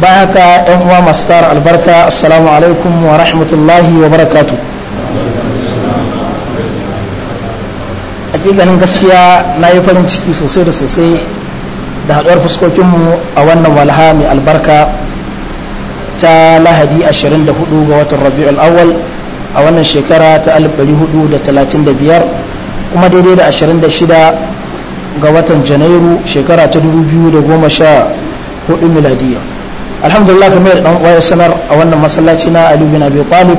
bayan haka yan uwa masu tara albarka assalamu alaikum wa rahmatullahi wa barakatu hakikanin gaskiya na yi farin ciki sosai da sosai da haɗuwar fuskokinmu a wannan walha mai albarka ta lahadi 24 ga watan rabi'ul awal a wannan shekara ta biyar kuma daidai da 26 ga watan janairu shekara ta 2014 miladiyya alhamdulillah kamar dan uwa sanar a wannan masallaci na Ali bin Abi Talib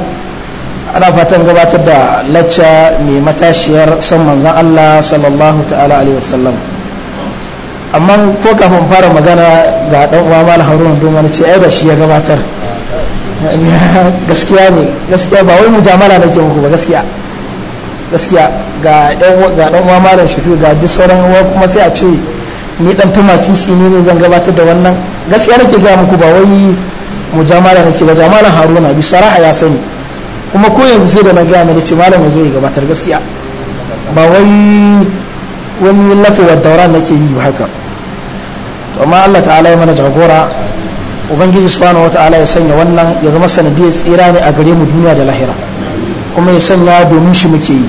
ana fatan gabatar da lacca mai matashiyar san manzon Allah sallallahu ta'ala alaihi wasallam amma ko kafin fara magana ga dan uwa mal haruna don wani ce ai da shi ya gabatar gaskiya ne gaskiya ba wai mujamala nake muku ba gaskiya gaskiya ga dan uwa malam shafi ga duk sauran uwa kuma sai a ce ni dan tuma sisi ne ne zan gabatar da wannan gaskiya nake ga muku ba wai mu jama'a nake ba jama'a haruna bi sara'a ya sani kuma ko yanzu sai da na ga mai ce malam yazo ya gabatar gaskiya ba wai wani wa daura nake yi haka to amma Allah ta'ala ya mana jagora ubangiji subhanahu wata'ala ya sanya wannan ya zama sanadiyar tsira ne a gare mu duniya da lahira kuma ya sanya domin shi muke yi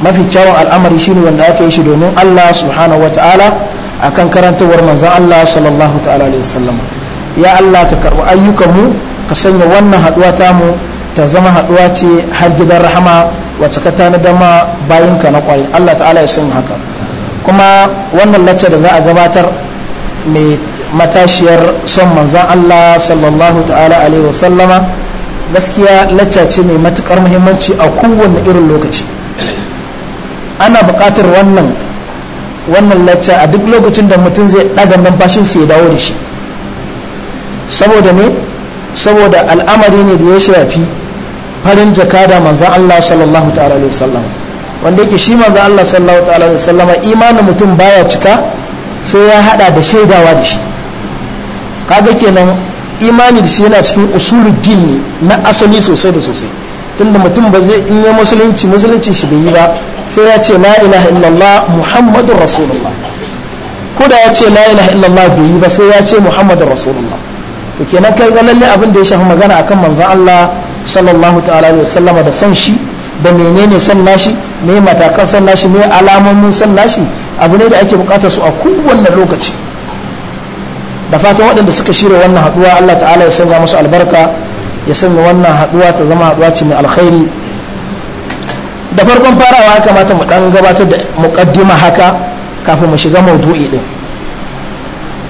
mafi kyawun al'amari shine wanda aka yi shi domin Allah subhanahu wata'ala akan karantawar manzo Allah sallallahu ta'ala alaihi wasallam ya Allah ka karbi ayyukanmu ka sanya wannan haduwa mu ta zama haduwa ce har gidan rahama wacce ka tanadar ma bayinka na kwari Allah ta'ala ya sanya haka kuma wannan lacce da za a gabatar mai matashiyar son manzo Allah sallallahu ta'ala alaihi wasallama gaskiya lacca ce mai matukar muhimmanci a kowane irin lokaci ana buƙatar wannan wannan lacca a duk lokacin da mutum zai ɗaga numfashin su ya dawo da shi saboda ne saboda al'amari ne da ya shafi farin jakada manzan Allah sallallahu ta'ala alaihi wanda yake shi manzan Allah sallallahu ta'ala alaihi imanin mutum baya cika sai ya hada da shaidawa da shi kaga kenan imani da shi yana cikin din ne na asali sosai da sosai tunda mutum ba zai in yi musulunci musulunci shi bai yi ba sai ya ce la ilaha illallah muhammadun rasulullah ko da ya ce la ilaha illallah bai yi ba sai ya ce Muhammadu rasulullah to kenan kai ga lalle abin da ya shafi magana akan manzon Allah sallallahu ta'ala alaihi wasallam da son shi da menene son nashi me matakan son me alamomin son nashi abu ne da ake bukatar su a kowanne lokaci da fatan waɗanda suka shirya wannan haɗuwa Allah ta'ala ya sanya musu albarka ya sanya wannan haduwa ta zama haduwa ce mai alkhairi da farkon farawa ya kamata mu dan gabatar da muqaddima haka kafin mu shiga maudu'i din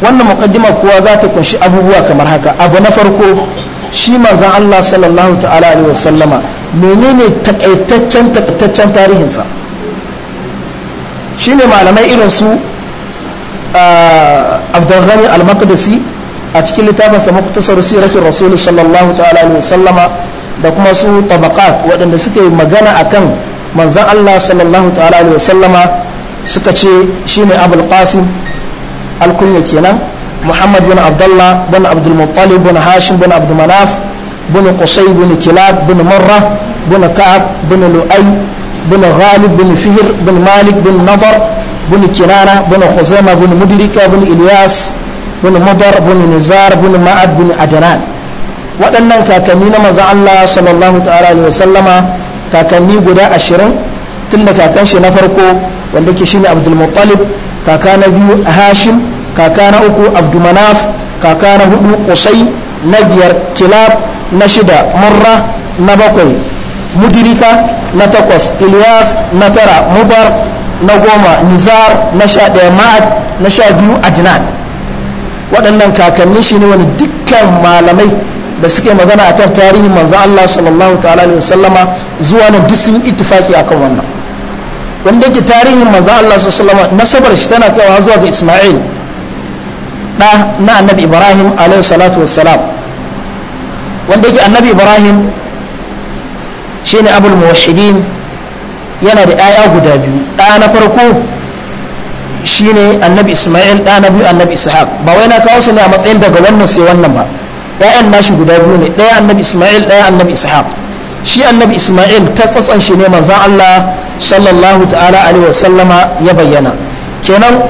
wannan muqaddima kuwa za ta kunshi abubuwa kamar haka abu na farko shi manzon Allah sallallahu ta'ala alaihi wasallama menene takaitaccen takaitaccen tarihinsa shine malamai irin su ah, Abdulghani al-Maqdisi a cikin littafin sa muktasar siratul rasul sallallahu ta'ala alaihi wasallama da kuma su tabaqat waɗanda suka yi magana akan manzon Allah sallallahu ta'ala alaihi wasallama suka ce shine abul qasim alkunya kenan muhammad bin abdullah bin abdul muttalib bin hashim bin abdul manaf bin qusay bin kilab bin marra bin ka'ab bin lu'ay بن غالب bin فهر bin مالك بن نضر بن كنانة بن خزيمة بن مدركة بن إلياس bin mudar bin nizar bin ma'ad bin adnan waɗannan kakanni na manzon Allah sallallahu ta'ala alaihi wasallama kakanni guda ashirin tun da kakan shi na farko wanda ke shine Abdul Muttalib kaka na biyu Hashim kaka na uku Abdul Manaf kaka na hudu Qusay na biyar Kilab na shida Murra na bakwai mudrika na takwas Ilyas na tara Mudar na goma Nizar na sha ɗaya Ma'ad na sha biyu Adnan waɗannan kakannin shi ne wani dukkan malamai da suke magana a kan tarihin manzo Allah sallallahu ta'ala alaihi wasallama zuwa na duk sun ittifaki akan wannan wanda yake tarihin manzo Allah sallallahu alaihi nasabar shi tana kaiwa zuwa ga Isma'il da na annabi Ibrahim alaihi salatu wassalam wanda yake annabi Ibrahim shine abul muwahhidin yana da 'ya'ya guda biyu da na farko shine annabi isma'il ɗa annabi biyu annabi ishaq ba wai na kawo su ne a matsayin daga wannan sai wannan ba ɗayan nashi guda biyu ne ɗaya annabi isma'il ɗaya annabi ishaq shi annabi isma'il ta tsatsan shi ne manzan allah sallallahu ta'ala alaihi wasallama ya bayyana kenan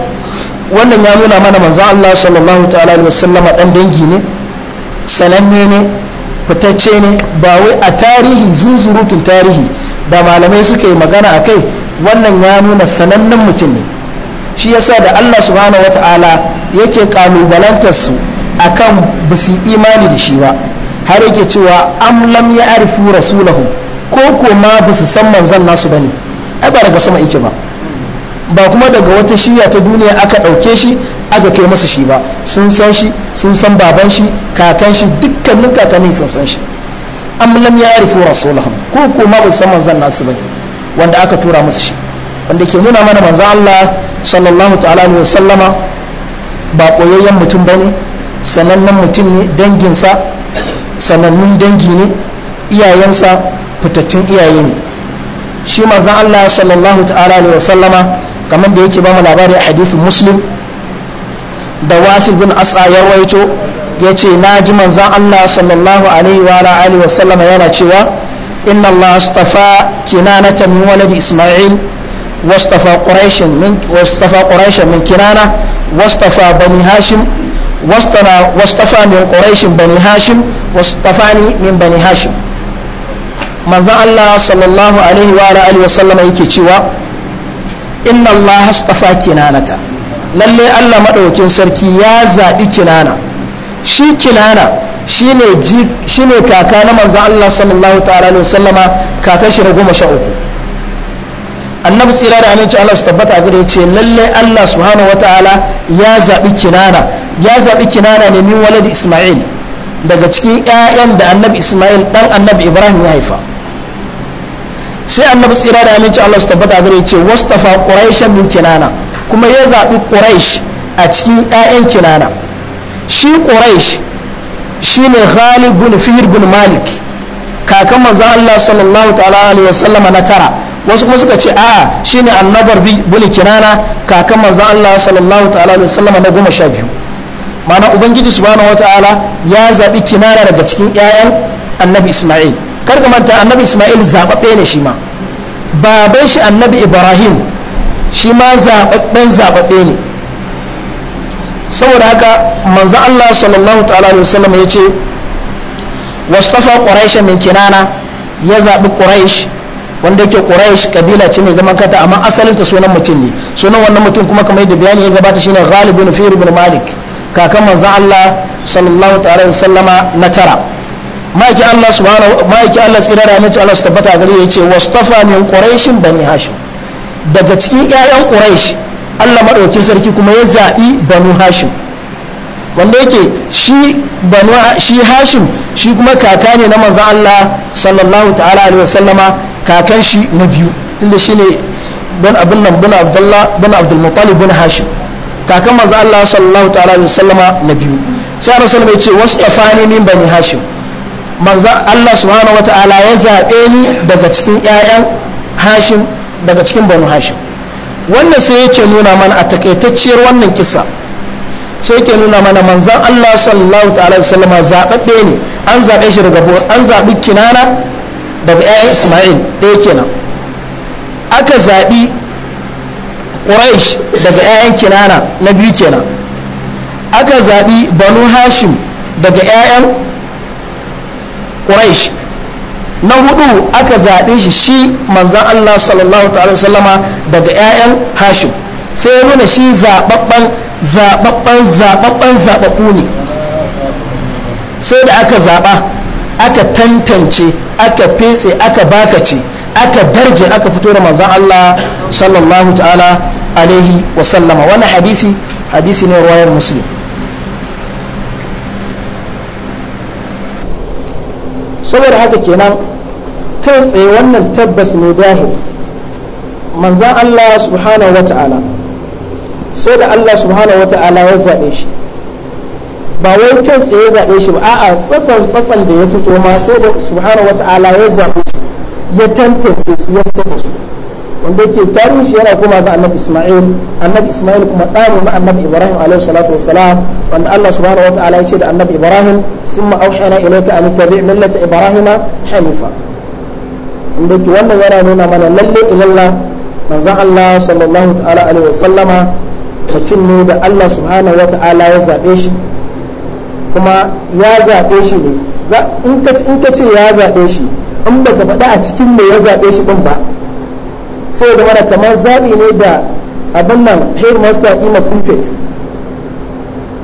wannan ya nuna mana manzan allah sallallahu ta'ala alaihi wasallama ɗan dangi ne sananne ne fitacce ne ba wai a tarihi zunzurutun tarihi da malamai suka yi magana a kai wannan ya nuna sanannen mutum ne shi yasa da Allah subhanahu wata'ala yake kalubalantar su akan ba su imani da shi ba har yake cewa am lam ya arifu rasulahu ko ko ba su san manzan nasu ba ne, ai ba daga sama yake ba ba kuma daga wata shiya ta duniya aka ɗauke shi aka kai masa shi ba sun san shi sun san baban shi kakan shi dukkanin kakannin sun san shi am lam ya arifu rasulahu ko ko ba su san manzan nasu ba ne, wanda aka tura masa shi wanda ke nuna mana manzo Allah sallallahu ta'ala alaihi sallama ba koyayyen mutum bane sanannen mutum ne danginsa sanannun dangi ne iyayensa fitattun iyaye ne shi manzon Allah sallallahu ta'ala alaihi sallama kamar da yake ba mu labari a hadisin muslim da wasil bin as'a ya rawaito ya ce na ji manzan Allah sallallahu alaihi wa alihi wa sallama yana cewa inna Allah astafa kinanata min waladi Isma'il واصطفى قريش من واصطفى قريش من كنانة واصطفى بني هاشم واصطفى من قريش بني هاشم واصطفاني من بني هاشم من ذا الله صلى الله عليه وآله وسلم يكي إن الله اصطفى كنانة lalle Allah maɗaukin sarki ya zaɓi kinana shi kinana shine kaka na manzan Allah sallallahu ta'ala sallama kaka shi na goma sha uku annabi tsira da aminci Allah su tabbata gare ce lallai Allah subhanahu ta'ala ya zabi kinana ya zaɓi kinana ne min waladi Isma'il daga cikin yayan da annabi Isma'il dan annabi Ibrahim ya haifa sai annabi tsira da aminci Allah su tabbata gare ce wastafa quraishan min kinana kuma ya zaɓi quraish a cikin yayan kinana shi quraish shine Ghalib bin Fihr bin Malik kakan manzon Allah sallallahu ta'ala alaihi sallama na tara wasu kuma suka ce a'a shine annabar buli kinana kakan manzon Allah sallallahu ta'ala alaihi sallama na goma sha biyu ma'ana ubangiji subhanahu ta'ala ya zaɓi kinana daga cikin ƴaƴan annabi isma'il kar ka manta annabi isma'il zaɓaɓɓe ne shi ma baban shi annabi ibrahim shi ma zaɓaɓɓen zaɓaɓɓe ne saboda haka manzon Allah sallallahu ta'ala alaihi wasallama ya ce wastafa quraishan min kinana ya zabi quraish wanda yake quraish kabila ce mai zaman kanta amma asalin ta sunan mutum ne sunan wannan mutum kuma kamar yadda bayani ya gabata shine Ghalib bin Fir bin Malik kakan manzo Allah sallallahu ta'ala wa sallama na tara maiki Allah subhanahu maiki Allah tsira da Allah su tabbata gare ya ce wastafa min quraishin bani hashim daga cikin 'ya'yan quraish Allah madaukin sarki kuma ya zabi banu hashim wanda yake shi banu shi hashim shi kuma kaka ne na manzon Allah sallallahu ta'ala alaihi wasallama kakan shi na biyu inda shine bin abin nan bin abdullah bin abdul muttalib bin hashim kakan manzon Allah sallallahu ta'ala alaihi wasallama na biyu sai rasul mai ce wasu tafani min bani hashim manzon Allah subhanahu wa ta'ala ya zabe ni daga cikin ƴaƴan hashim daga cikin banu hashim wannan sai yake nuna mana a takaitacciyar wannan kisa sai ke nuna mana manzan Allah sallallahu ta'ala da sallama zaɓaɓɓe ne an zaɓe shi daga an zaɓi kinana daga 'ya'yan ismail ɗaya kenan aka zaɓi Quraysh daga 'ya'yan kinana na biyu kenan aka zaɓi banu hashim daga 'ya'yan Quraysh na hudu aka zaɓe shi shi manzan Allah sallallahu ta'ala sallama daga 'ya'yan hashim sai ya nuna shi zababban zababban zababban zababbu ne sai da aka zaba aka tantance aka fetse aka bakace aka darje aka fito da manzon Allah sallallahu ta'ala alaihi wa sallama wannan hadisi hadisi ne ruwayar muslim saboda haka kenan kai tsaye wannan tabbas ne dahil manzan Allah subhanahu wa ta'ala sai da Allah subhanahu wata'ala ya zaɓe shi ba wai kai tsaye zaɓe shi ba a'a tsafan tsafan da ya fito ma sai da subhanahu wata'ala ya zaɓe su ya tantance su ya fito su wanda yake tarihi shi yana kuma da annabi Isma'il annabi Isma'il kuma ɗani na annabi Ibrahim alaihi salatu wassalam wanda Allah subhanahu wata'ala ya ce da annabi Ibrahim summa auhayna ilayka an tabi' millata Ibrahim hanifa wanda yake wannan yana nuna mana lalle ilalla manzon Allah sallallahu ta'ala alaihi wasallama mutum ne da Allah subhanahu wa ta'ala ya zaɓe shi kuma ya zaɓe shi ne in ka ce ya zaɓe shi in ba ka faɗa a cikin me ya zaɓe shi ɗin ba sai da mara kamar zaɓi ne da abin nan hair master ima prophet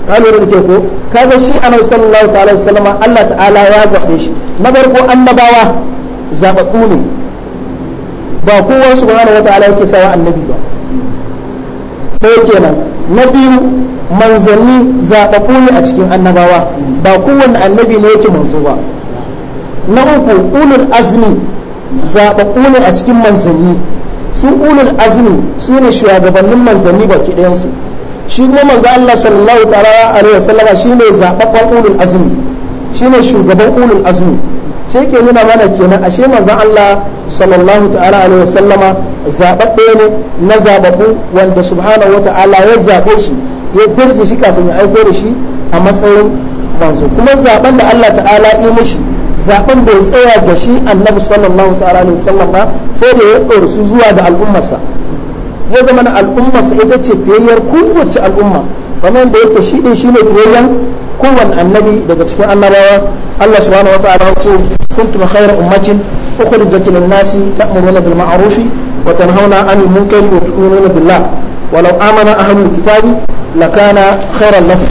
ka lura da ke ko kaga shi annabi sallallahu ta'ala salama Allah ta'ala ya zaɓe shi na farko annabawa zaɓaɓɓu ne ba kowa subhanahu wa ta'ala yake sawa annabi ba ɗaya kenan na biyu manzanni zaɓaɓɓu ne a cikin annabawa ba kowane annabi ne yake manzo ba na uku ulul azmi zaɓaɓɓu ne a cikin manzanni su ulul azmi su ne shugabannin manzanni baki ɗayansu shi kuma manzo Allah sallallahu ta'ala alaihi wasallama shine zaɓaɓɓen ulul azmi shine shugaban ulul azmi shi ke nuna mana kenan ashe manzon Allah sallallahu ta'ala alaihi wasallama zababbe ne na zababu wanda subhanahu wa ya zabe shi ya dirje shi kafin ya aiko da shi a matsayin manzo kuma zaben da Allah ta'ala yi mushi zaben bai tsaya da shi annabi sallallahu ta'ala alaihi wasallama ba sai da ya ɗora su zuwa da al'ummarsa ya zama na al'ummarsa ita ce fiyayyar kowace al'umma kamar da yake shi din shine fiyayyen kowane annabi daga cikin annabawa Allah subhanahu wa ta'ala ce kuntum khayra ummatin ukhrijat lin nasi ta'muruna bil ma'ruf wa tanhauna 'anil munkari wa tu'minuna billah walau amana ahlul kitabi lakana khayran lahum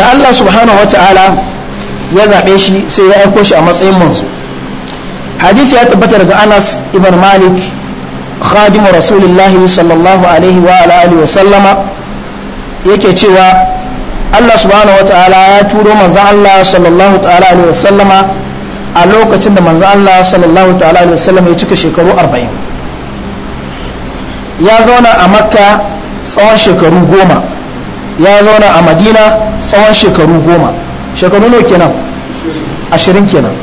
da Allah subhanahu wa ta'ala ya zaɓe shi sai ya aiko shi a matsayin manzo hadisi ya tabbata daga Anas ibn Malik خادم رسول الله صلى الله عليه yake cewa Allah subhanahu wa ta'ala ya turo manzan Allah sallallahu ta'ala alaihi a lokacin da manzan Allah sallallahu ta'ala alaihi ya cika shekaru 40 ya zauna a makka tsawon shekaru goma ya zauna a madina tsawon shekaru goma shekaru nawa kenan ashirin kenan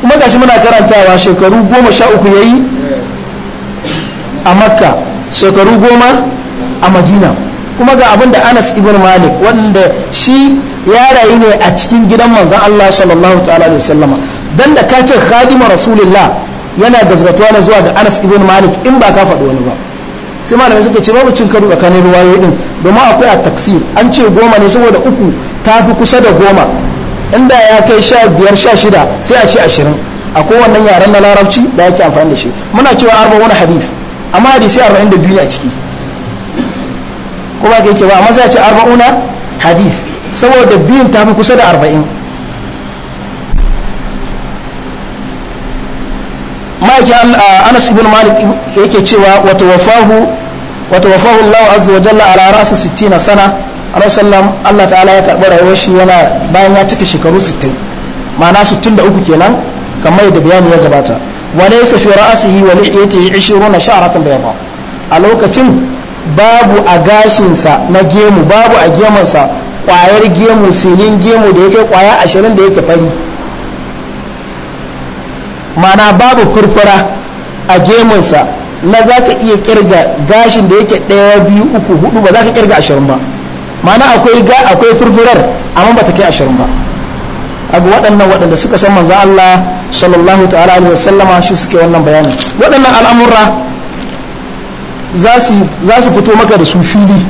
kuma shi muna karantawa shekaru goma sha uku ya yi a makka shekaru goma a madina kuma ga abin da anas ibn malik wanda shi ya rayu ne a cikin gidan manzan allah sallallahu ta'ala alaihi sallama dan da ka ce khadima rasulullah yana gazgatuwa na zuwa ga anas ibn malik in ba ka faɗi wani ba sai malamai suka ce babu cin karo tsakanin ruwayoyi din domin akwai a taksi an ce goma ne saboda uku ta fi kusa da goma inda ya kai sha biyar sha shida sai a ce ashirin a kowannan yaren na larabci da yake amfani da shi muna cewa arba wani hadis amma hadisi arba'in da biyu a ciki ko ba ka yake ba amma sai a ce arba'una hadis saboda biyun ta fi kusa da arba'in ma'aikin anas ibn malik yake cewa wata wafahu Allah azza wa jalla a ala rasa 60 sana a sallam Allah ta'ala ya karɓi rayuwar shi yana bayan ya cika shekaru sittin ma'ana sittin da 63 kenan kamar da bayani ya gabata ya wa laysa fi ra'sihi wa lihiyatihi 20 sha'ratan bayda a lokacin babu a gashinsa na gemu babu a gemunsa kwayar gemu sinin gemu da ya kai kwaya ashirin da yake fari mana babu furfura a jemunsa na za ka iya kirga gashin da yake ɗaya biyu uku hudu ba za ka kirga ashirin ba mana akwai ga akwai furfurar amma ba ta kai ashirin ba abu waɗannan waɗanda suka san manzo Allah sallallahu ta'ala alaihi wasallama shi suke wannan bayanin waɗannan al'amurra za su fito maka da su fili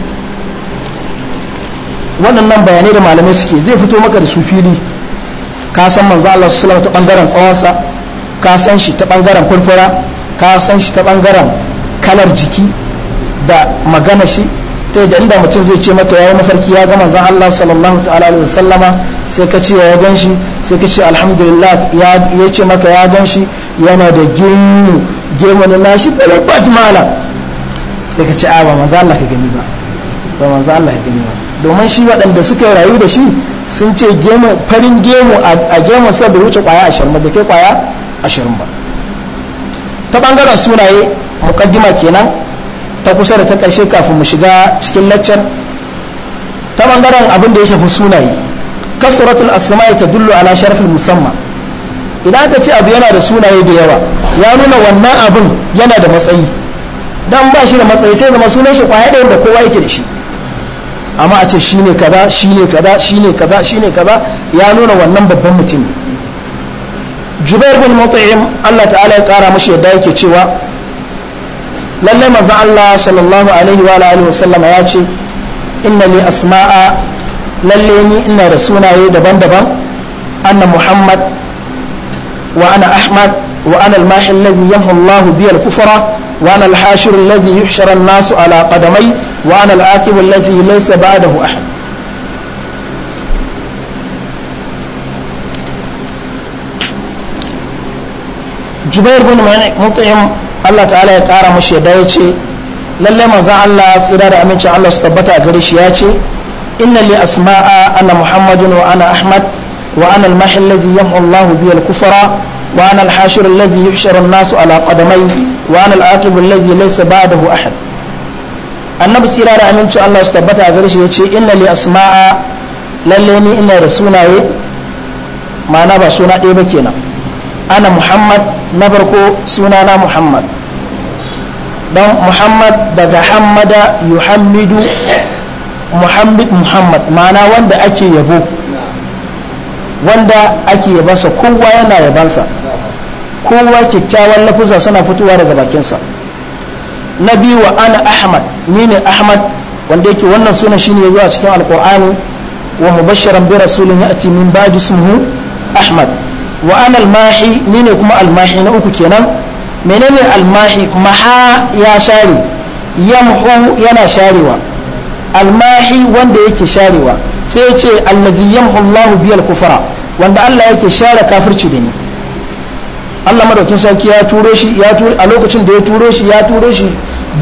waɗannan bayanai da malamai suke zai fito maka da su fili ka san manzo Allah sallallahu ta bangaren tsawonsa ka san shi ta bangaren kurfura ka san shi ta bangaren kalar jiki da magana shi ta yadda inda mutum zai ce maka yayi mafarki ya gama zan Allah sallallahu ta'ala alaihi wasallama sai ka ce ya gan shi sai ka ce alhamdulillah ya ce maka ya gan shi yana da gemu gemu na nashi balabat mala sai ka ce a ba manzon Allah ka gani ba ba manzon Allah ka gani ba domin shi waɗanda suka rayu da shi sun ce farin gemu a gemu sai bai wuce kwaya ashirin ba da kai kwaya ashirin ba ta bangaren sunaye mukaddima kenan ta kusa da ta ƙarshe kafin mu shiga cikin laccar ta bangaren abin da ya shafi sunaye kasuratul asma'i ta dullu ala sharafin musamman idan aka ce abu yana da sunaye da yawa ya nuna wannan abin yana da matsayi dan ba shi da matsayi sai zama sunan shi kwaya ɗaya da kowa yake da shi amma a ce shine kaza shine kaza shine kaza shine kaza ya nuna wannan babban mutum jubair bin mut'im Allah ta'ala ya kara mashi yadda yake cewa lalle manzon Allah sallallahu alaihi wa alihi wa sallama ya ce inna li asma'a lalle ni ina da sunaye daban-daban anna muhammad wa ana ahmad wa ana al-mahi alladhi yamhu Allah bi al-kufra wa ana al-hashir alladhi yuhshara an-nasu ala qadamai wa ana al-aqib alladhi laysa ba'dahu ahad jubair bin mut'im Allah ta'ala ya kara mashi yadda ya ce lalle manzon Allah tsira da amincin Allah su tabbata a gare shi ya ce inna li asma'a ana muhammadun wa ana ahmad wa ana al-mahi alladhi yamhu Allah bi al-kufara wa ana al-hashir alladhi yuhsharu an-nasu ala qadamai wa ana al-aqib alladhi laysa ba'dahu ahad annabi tsira da amincin Allah su tabbata a gare shi ya ce inna li asma'a lalle ni ina da sunaye ma'ana ba suna ɗaya ba kenan ana muhammad na farko sunana muhammad don muhammad daga hamada yuhammidu muhammad muhammad ma'ana wanda ake yabo wanda ake yabansa kowa yana yabansa kowa kyakkyawan lafuza suna fitowa daga bakinsa na biyu wa ana ahmad ni ne ahmad wanda yake wannan sunan shine ya zo a cikin alkur'ani wa mubashiran bi rasulin ya'ti min ba'di ismihi ahmad wa an almahi ni ne kuma almahi na uku kenan menene almahi maha ya share yamhu yana sharewa almahi wanda yake sharewa sai ya ce allazi yamhu Allahu biyal kufara wanda Allah yake share kafirci da ni Allah madaukin sarki ya turo shi ya turo a lokacin da ya turo shi ya turo shi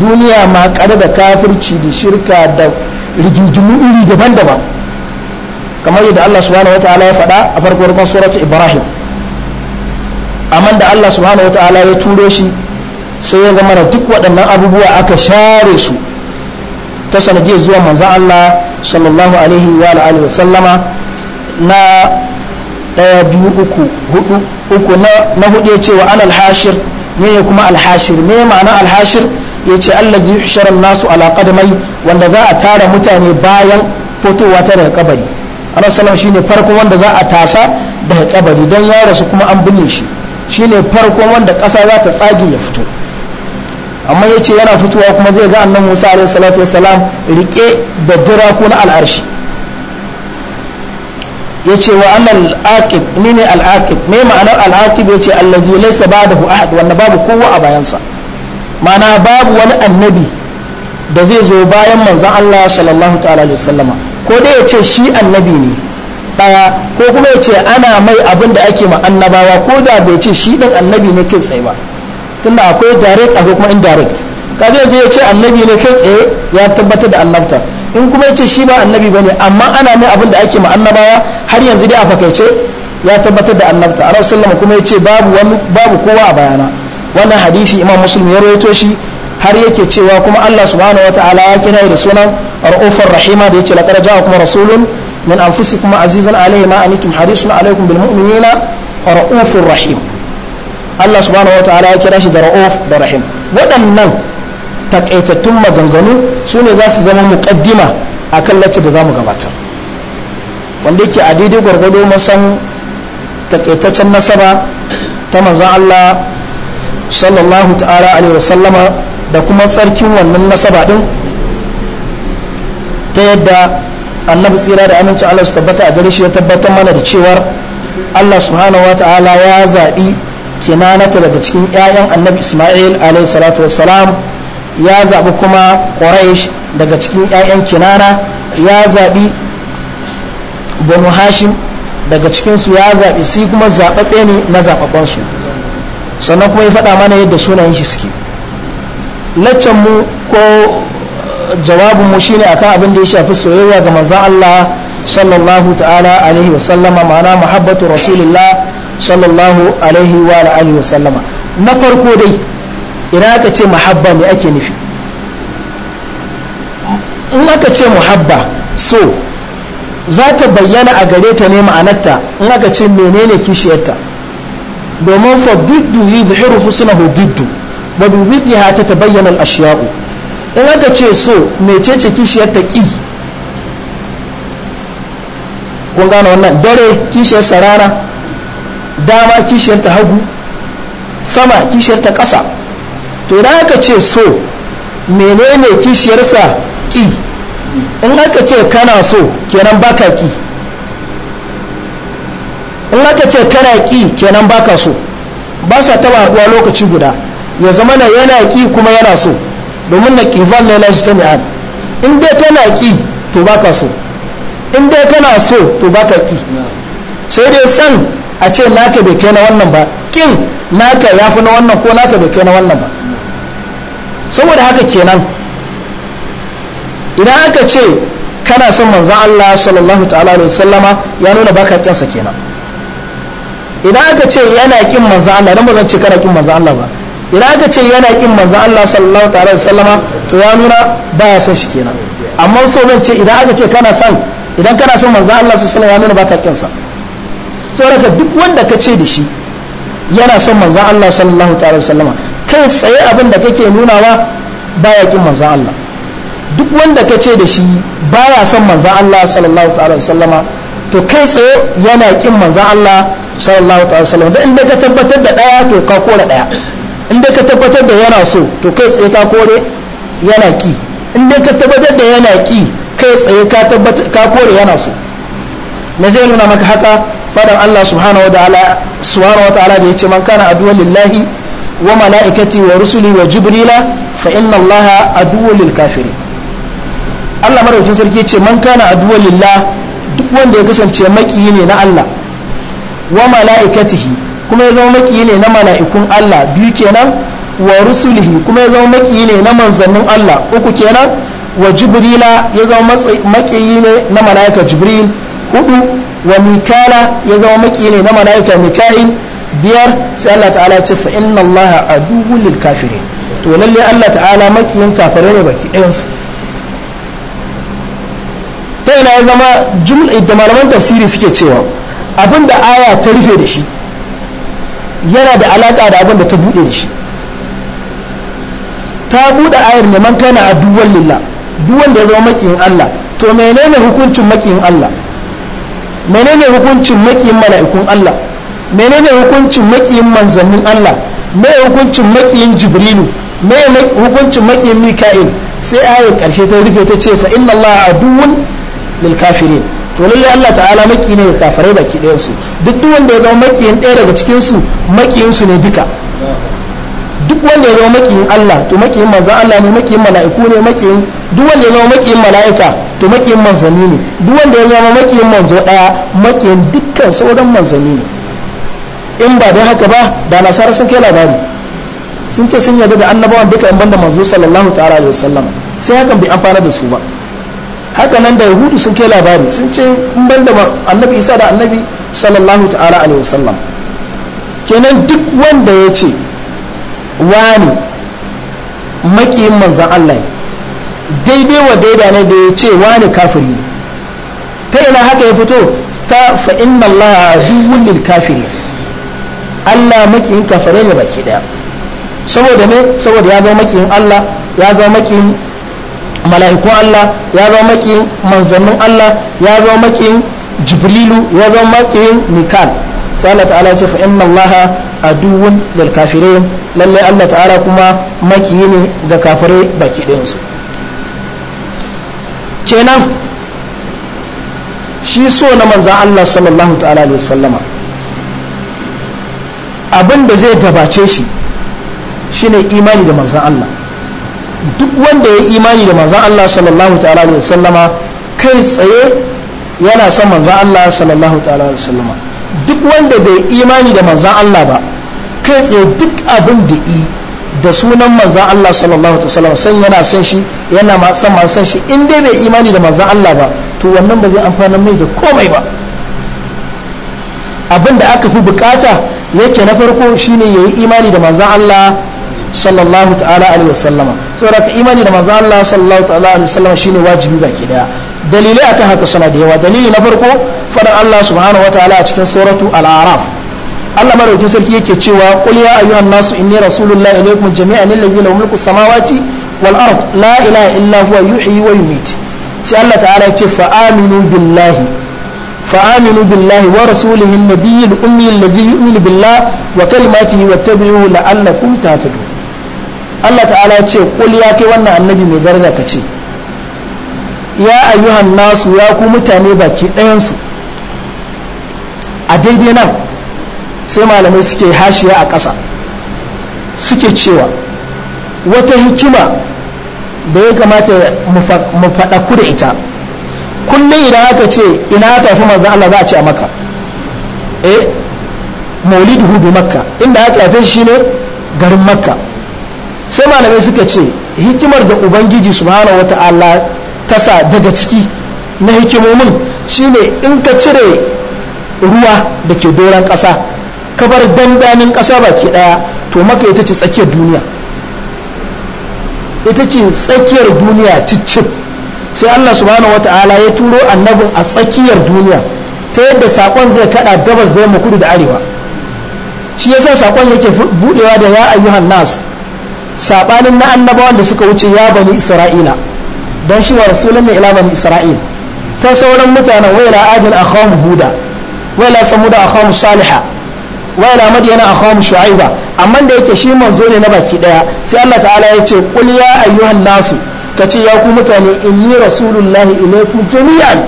duniya ma kare da kafirci da shirka da rigingimu iri daban-daban kamar yadda Allah subhanahu wataala ya faɗa a farkon surata Ibrahim amma da Allah subhanahu wataala ya turo shi sai ya zama duk waɗannan abubuwa aka share su ta sanadiyar zuwa manzan Allah sallallahu alaihi wa alihi wa sallama na ɗaya biyu uku hudu uku na hudu ya ce wa an alhashir ne ne kuma alhashir me ma'ana alhashir ya ce Allah ji shirin nasu ala qadmai wanda za a tara mutane bayan fotowa ta daga kabari ana sallama shi ne farko wanda za a tasa daga kabari don ya rasu kuma an binne shi shine farkon wanda ƙasa za ta tsage ya fito amma ya ce yana fitowa kuma zai ga annan musa alaihi salatu wasalam rike da duraku na al'arshi ya ce wa annal aqib ni ne al'aqib me ma'anar al'aqib ya ce allazi laysa ba'dahu ahad wanda babu kowa a bayansa ma'ana babu wani annabi da zai zo bayan manzon Allah sallallahu ta'ala alaihi wasallama ko dai ya ce shi annabi ne daya ko kuma ya ce ana mai abin da ake ma annabawa ko da bai ce shi din annabi ne kai tsaye ba tunda akwai direct akwai kuma indirect ka yanzu ya ce annabi ne kai tsaye ya tabbatar da annabta in kuma ya ce shi ba annabi ba ne amma ana mai abin da ake ma annabawa har yanzu dai a fakaice ya tabbatar da annabta a sallama kuma ya ce babu wani babu kowa a bayana wannan hadisi imam muslim ya rawaito shi har yake cewa kuma Allah subhanahu wataala ya kira da sunan ar'ufar rahima da yace laqad ja'akum rasulun من أنفسكم عزيز عليه ما أنتم حريص عليكم بالمؤمنين رؤوف رحيم الله سبحانه وتعالى يكرا شي رؤوف رحيم waɗannan takaitattun maganganu su ne za su zama muƙaddima a kan lacce da za mu gabatar wanda yake a daidai gwargwado masan takaitaccen nasaba ta manzan Allah sallallahu ta'ala alaihi wasallama da kuma tsarkin wannan nasaba ɗin ta yadda annabi tsira da aminci Allah su tabbata a gare shi ya tabbatar mana da cewar Allah subhanahu ta'ala ya zaɓi kinanata daga cikin 'ya'yan annabi Ismail alayhi salatu wassalam ya zaɓi kuma Quraysh daga cikin 'ya'yan kinana ya zaɓi Banu Hashim daga cikinsu ya zaɓi sai kuma zaɓaɓɓe ne na su sannan kuma ya faɗa mana yadda sunayen shi suke laccan mu ko jawabin mu shine akan abin da ya shafi soyayya ga manzon Allah sallallahu ta'ala alaihi wa sallama ma'ana muhabbatu rasulillah sallallahu alaihi wa alihi wa sallama na farko dai ina aka ce muhabba me ake nufi in aka ce muhabba so za ta bayyana a gare ta ne ma'anarta in aka ce menene kishiyarta domin fa duddu yuzhiru husnahu duddu wa bi ta tabayyana al-ashya'u in aka ce so mecece kishiyar ta ƙi kun gane wannan dare kishiyar sarara dama kishiyar ta hagu sama kishiyar ta ƙasa to in aka ce so menene kishiyarsa ƙi in aka ce kana so kenan baka ƙi in aka ce kana ƙi kenan baka so ba sa taba haɗuwa lokaci guda ya zama na yana ƙi kuma yana so domin na kifan ne na shi ta mi'an in dai kana ki to ba ka so in dai kana so to ba ka ki sai dai san a ce naka bai kai na wannan ba kin naka ya fi na wannan ko naka bai kai na wannan ba saboda haka kenan idan aka ce kana son manzan Allah sallallahu ta'ala alaihi sallama ya nuna baka kinsa kenan idan aka ce yana kin manzan Allah dan ba zan ce kana kin manzan Allah ba idan aka ce yana kin manzon Allah sallallahu alaihi wasallama to ya nuna ya son shi kenan amma so zan ce idan aka ce kana son idan kana son manzon Allah sallallahu alaihi wasallama ya nuna baka kin sa saboda duk wanda ka ce da shi yana son manzon Allah sallallahu alaihi wasallama kai tsaye abin da kake nunawa baya kin manzon Allah duk wanda ka ce da shi baya son manzon Allah sallallahu alaihi wasallama to kai tsaye yana kin manzon Allah sallallahu alaihi wasallama dan in ka tabbatar da daya to ka kora daya Inda ka tabbatar da yana so to kai tsaye ka kore yana ki Inda ka tabbatar da yana ki kai tsaye ka kore yana so Na zai nuna maka haka fadar Allah subhanahu wa ta'ala subhanahu wa ta'ala da yace man kana aduwa lillahi wa malaikati wa rusuli wa jibrila fa inna Allah aduwa lil kafirin Allah madaukakin sarki yace man kana aduwa lillah duk wanda ya kasance makiyi ne na Allah wa malaikatihi kuma ya zama makiyi ne na mala'ikun Allah biyu kenan wa rusulihi kuma ya zama makiyi ne na manzannin Allah uku kenan wa jibrila ya zama makiyi ne na mala'ika jibril hudu wa mikala ya zama makiyi ne na mala'ika mika'il biyar sai Allah ta'ala ce fa inna Allah aduwwul lil kafirin to lalle Allah ta'ala makiyin kafirai ne baki ɗayan su ta yana ya zama jumla da malaman tafsiri suke cewa abinda aya ta rufe da shi yana da alaƙa da abin da ta buɗe da shi ta buɗe ayar ne man a duwan lillah duwan da ya zama makin Allah to menene hukuncin makin Allah menene hukuncin makin mala'ikun Allah menene hukuncin makin manzannin Allah me hukuncin makin jibrilu me hukuncin makin mika'il sai ayar ƙarshe ta rufe ta ce fa inna Allah aduwwun lil kafirin to lalle Allah ta'ala maki ne ga kafirai baki ɗayan su duk duk wanda ya zama makiyin ɗaya daga cikin su makiyin su ne duka duk wanda ya zama makiyin Allah to makiyin manzon Allah ne makiyin mala'iku ne makiyin duk wanda ya zama makiyin mala'ika to makiyin manzanni ne duk wanda ya zama makiyin manzo ɗaya makiyin dukkan sauran manzanni ne in ba dai haka ba da nasara sun kai labari sun ce sun yarda da annabawan duka in banda manzo sallallahu ta'ala alaihi wasallam sai hakan bai amfana da su ba haka nan da yahudu sun kai labari sun ce in ban da annabi isa da annabi sallallahu ta'ala alaihi wasallam kenan duk wanda ya ce wani makiyin manzan Allah daidai wa daida ne da ya ce wani kafiri ne ta ina haka ya fito ta fa inna Allah azuwun lil kafiri Allah makiyin kafirai ne baki daya saboda ne saboda ya zama makiyin Allah ya zama makiyin mala'ikun Allah ya zama makin manzannin Allah ya zama makin jibrilu ya zama makin mikal sai Allah ta'ala ya ce fa inna Allah aduwwun lil kafirin lalle Allah ta'ala kuma makiyi ne ga kafirai baki ɗayan su kenan shi so na manzan Allah sallallahu ta'ala alaihi sallama abin da zai gabace shi shine imani da manzan Allah duk wanda ya imani da manzan Allah sallallahu ta'ala mai sallama, kai tsaye yana son manzan Allah sallallahu ta'ala alaihi sallama duk wanda bai imani da manzan Allah ba kai tsaye duk abin da yi da sunan manzan Allah sallallahu ta'ala alaihi san yana son shi yana ma son ma son shi in dai bai imani da manzan Allah ba to wannan ba zai amfana mai da komai ba abin da aka fi bukata yake na farko shine yayi imani da manzan Allah sallallahu ta'ala alaihi wasallama saboda ka imani da manzo Allah sallallahu ta'ala alaihi wasallama shine wajibi baki daya dalilai akan haka suna da yawa dalili na farko fadan Allah subhanahu wa ta'ala a cikin suratu al-araf Allah madaukakin sarki yake cewa qul ya ayyuhan nasu inni rasulullahi ilaykum jami'an alladhi lahu mulku samawati wal ard la ilaha illa huwa yuhyi wa yumiit sai Allah ta'ala ya ce fa aminu billahi فآمنوا بالله ورسوله النبي الأمي الذي يؤمن بالله وكلماته واتبعوه لعلكم تهتدون Allah ta'ala ya ce kul ya kai wannan annabi mai daraja ka ce ya ayyuhan nasu ya ku mutane baki ɗayansu a daidai nan sai malamai suke hashiya a ƙasa suke cewa wata hikima da ya kamata mu faɗa ku da ita kullum idan aka ce ina aka haifi manzan Allah za a ce a maka eh maulidu hudu makka inda aka haife shi ne garin makka sai malamai suka ce hikimar da ubangiji subhanahu wata'ala sa daga ciki na hikimomin shine in ka cire ruwa da ke doron ƙasa ka bar dandanin ƙasa baki ɗaya to maka ita ce tsakiyar duniya ita ce tsakiyar duniya cicip sai allah subhanahu wata'ala ya turo annabin a tsakiyar duniya ta yadda saƙon zai kaɗa gabas da yamma kudu da arewa shi yasa saƙon yake buɗewa da ya ayyuhan nas saɓanin na annabawan da suka wuce ya bani isra'ila don shi wa rasulun ne ila bani isra'il ta sauran mutanen wa ila adin mu huda wa ila samud akhawum salihah wa ila madyana mu shu'aiba amma da yake shi manzo ne na baki daya sai Allah ta'ala ya ce kul ya ayyuhan nasu kace ya ku mutane in inni rasulullahi ilaykum jami'an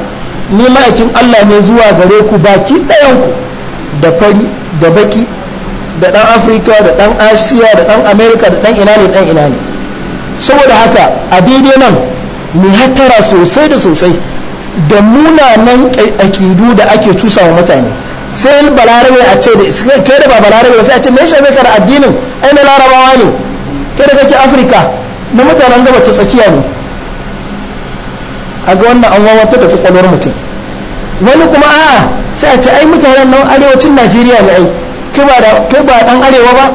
ni ma'aikin Allah ne zuwa gare ku baki ɗayan ku da fari da baki da ɗan afirka da ɗan asiya da ɗan amerika da ɗan ina ne ɗan ina ne saboda haka a daidai nan mu hattara sosai da sosai da munanan akidu da ake cusa wa mutane sai balarabe a ce da ke da ba balarabe sai a ce me shafe kada addinin ai larabawa ne ke da kake afirka na mutanen gaba ta tsakiya ne a ga wannan an wawantar da kwakwalwar mutum wani kuma a'a sai a ce ai mutanen nan arewacin najeriya ne ai kai ba dan arewa ba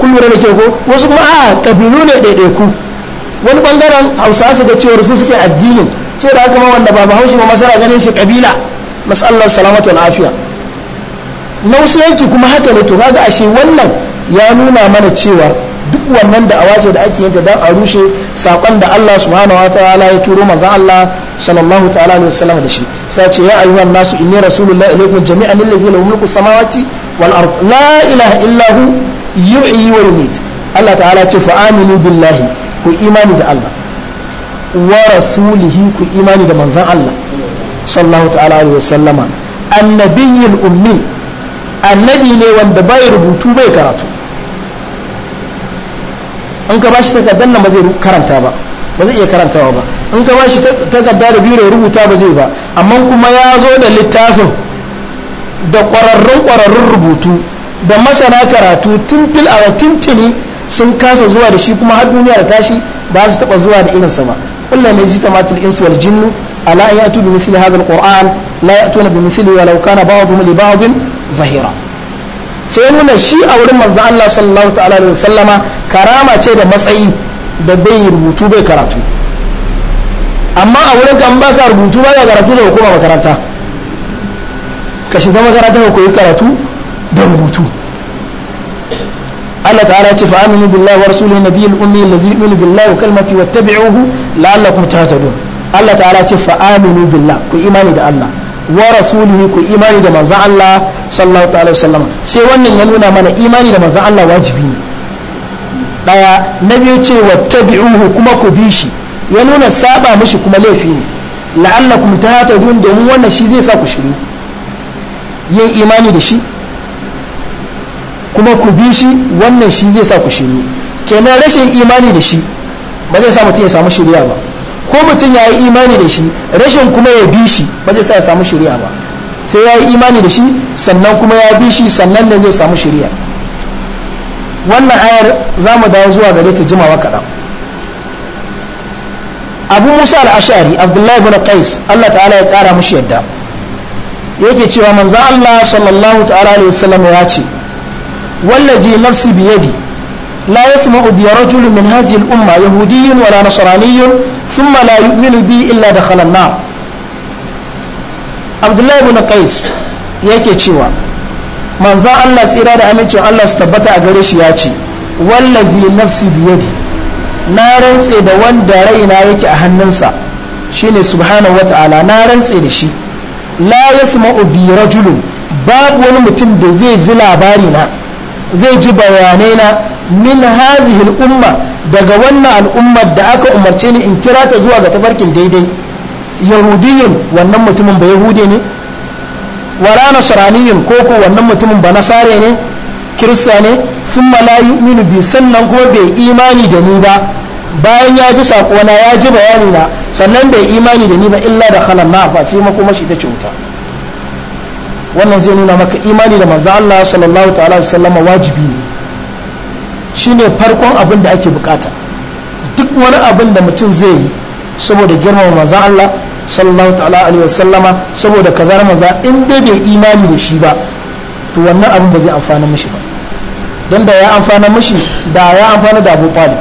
kun lura da ke ko wasu kuma a kabilu ne ɗaiɗaiku wani bangaren hausa su ga cewar su suke addinin so da haka ma wanda ba bahaushe ba masana ganin shi kabila masallar salamatu lafiya na wasu yanki kuma haka ne to kaga ashe wannan ya nuna mana cewa duk wannan da'awa ce da ake yadda don a rushe saƙon da Allah subhanahu taala ya turo manzon Allah sallallahu ta'ala alaihi wasallam da shi sai ce ya ayyuhan nasu inni rasulullahi ilaykum jami'an alladhi lahu mulku samawati wal ard la ilaha illa hu yuhyi wa yumiit Allah ta'ala ce fa aminu billahi ku imani da Allah wa rasulihi ku imani da manzan Allah sallallahu ta'ala alaihi wasallama annabiyul ummi annabi ne wanda bai rubutu bai karatu in ka bashi takardar nan ba zai karanta ba ba zai iya karantawa ba in ka bashi takarda da biro rubuta ba zai ba amma kuma ya zo da littafin da ƙwararrun ƙwararrun rubutu da masana karatu tun fil a tuntuni sun kasa zuwa da shi kuma har duniya da tashi ba su taɓa zuwa da irinsa ba kullum ne ji tamatul insu wal jinnu ala an yatu bi mithli hadha alquran la yatuna bi mithli walau kana ba'dhum li ba'dhin zahira sai muna shi a wurin manzo Allah sallallahu ta'ala alaihi wasallama karama ce da matsayi da bai rubutu bai karatu amma a wurin kan baka rubutu ba ya karatu da hukuma makaranta ka shiga makaranta ka koyi karatu da rubutu Allah ta'ala ce fa'aminu billahi wa rasulihi nabiyil ummi alladhi yu'minu billahi wa kalmati wattabi'uhu la'allakum tahtadun Allah ta'ala ce fa'aminu billah ku imani da Allah wa rasulihi ku imani da manzan Allah sallallahu alaihi wasallam sai wannan ya nuna mana imani da manzan Allah wajibi ne daya na biyu ce wa tabi'uhu kuma ku bi shi ya nuna saba mishi kuma laifi ne la'allakum tahtadun domin wannan shi zai sa ku shiru yin imani da shi kuma ku bi shi wannan shi zai sa ku shiru kenan rashin imani da shi ba zai sa mutum ya samu shiriya ba ko mutum ya yi imani da shi rashin kuma ya bi shi ba zai sa ya samu shari'a ba sai ya yi imani da shi sannan kuma ya bi shi sannan ne zai samu shari'a wannan ayar za mu dawo zuwa gare ta jimawa kaɗan abu musa al-ashari abdullahi bin qais allah ta'ala ya kara mushi yadda yake cewa manzan allah sallallahu ta'ala alaihi wasallam ya ce wallazi nafsi biyadi la yasma'u bi rajulin min hadhihi al-umma yahudiyyin wala nasraniyyin ثم لا يؤمن بي إلا دخل النار عبد الله بن قيس yake cewa manzan Allah tsira da amincin Allah su tabbata a gare shi ya ce wallazi nafsi biyadi na rantse da wanda raina yake a hannunsa shine subhanahu wata'ala na rantse da shi la yasma'u bi rajulun babu wani mutum da zai ji labari na zai ji bayanai na min hazihi al'umma daga wannan al'ummar da aka umarce ni in kira ta zuwa ga tafarkin daidai yahudiyin wannan mutumin ba yahudi ne wala nasraniyin ko ko wannan mutumin ba nasare ne kirista ne sun malayi minu bi sannan kuma bai imani da ni ba bayan ya ji saƙona ya ji bayani na sannan bai imani da ni ba illa da khalan na face makoma shi ta cuta wannan zai nuna maka imani da manzo Allah sallallahu ta'ala alaihi wasallam wajibi ne shine farkon abin da ake bukata duk wani abin da mutum zai yi saboda girmama manzo Allah sallallahu ta'ala alaihi wasallama saboda kazar manzo in dai bai imani da shi ba to wannan abin ba zai amfana mishi ba don da ya amfana mishi da ya amfana da Abu Talib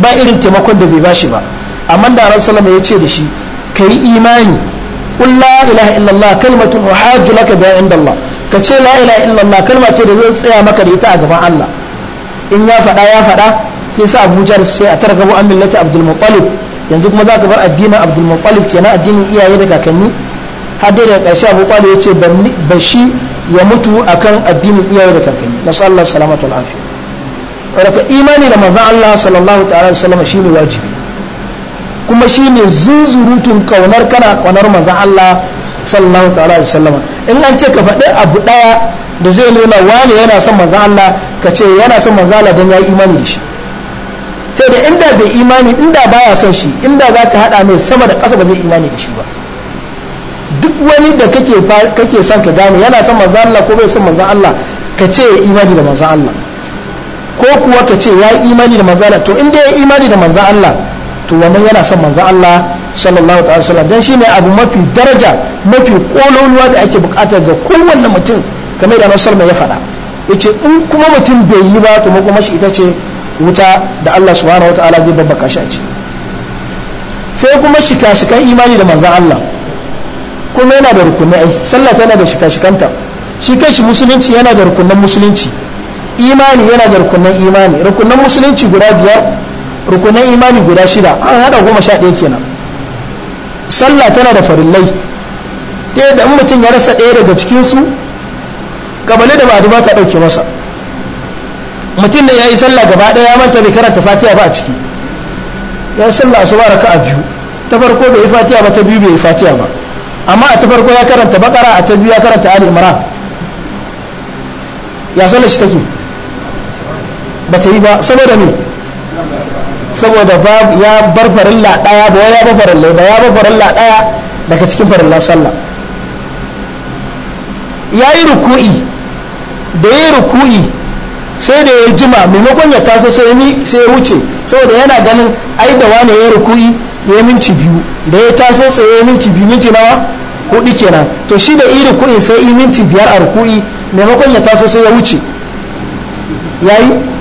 ba irin taimakon da bai bashi ba amma da Sallama ya ce da shi kai imani قل لا إله إلا الله كلمة أحاج لك بها عند الله كتشي لا إله إلا الله كلمة تريد سيا a يتاع الله إن يا فدا يا فدا سيسا أبو جارس شيء أتركه عن ملة عبد المطلب yanzu kuma za ka bar addinin abdulmuttalib kenan addinin iyaye da kakanni har dai daga ƙarshe abu kwalo ya ce ba ya mutu akan addinin iyaye da kakanni na sallar salamatul afiya wadda imani da mazan allah sallallahu ta'ala salama shi ne wajibi kuma shi ne zuzurutun kaunar kana kaunar manzan Allah sallallahu ta'ala alaihi wasallam in an ce ka faɗi abu ɗaya da zai nuna wani yana son manzan Allah ka ce yana son maza Allah don ya yi imani da shi ta da inda bai imani inda baya son shi inda za ka haɗa mai sama da ƙasa ba zai imani da shi ba duk wani da kake kake son ka gane yana son maza Allah ko bai son maza Allah ka ce ya imani da manzan Allah ko kuwa ka ce ya imani da maza Allah to inda ya imani da manzan Allah to wannan yana son manzan Allah sallallahu ta'ala sallam dan shine abu mafi daraja mafi kololuwa da ake bukata ga kowanne mutum kamar da mai ya faɗa yace in kuma mutum bai yi ba to kuma shi ita ce wuta da Allah subhanahu wataala zai babbaka shi a ciki sai kuma shika-shikan imani da manzan Allah kuma yana da rukunai ai sallah tana da shika-shikanta shi shi musulunci yana da rukunan musulunci imani yana da rukunan imani rukunan musulunci guda biyar rukunan imani guda shida an hada goma sha ɗaya kenan sallah tana da farillai ɗaya da in mutum ya rasa ɗaya daga cikinsu kabale da ba'adu ba ta ɗauke masa mutum da ya yi sallah gaba ɗaya ya manta bai karanta fatiha ba a ciki ya sallah su asuba raka a biyu ta farko bai yi fatiha ba ta biyu bai yi fatiha ba amma a ta farko ya karanta bakara a ta biyu ya karanta ali imran ya sallah shi take ba ta yi ba saboda ne saboda ya bar farilla daya ba ya bar farilla ba ya bar farilla daya daga cikin farilla sallah ya yi ruku'i da ya yi ruku'i sai da ya jima maimakon ya taso sai ya wuce saboda yana ganin ai da wani ya yi ruku'i ya minci biyu da ya taso sai ya minci biyu minci nawa hudu kenan to shi da iri ruku'in sai yi minti biyar a ruku'i maimakon ya taso sai ya wuce ya yi.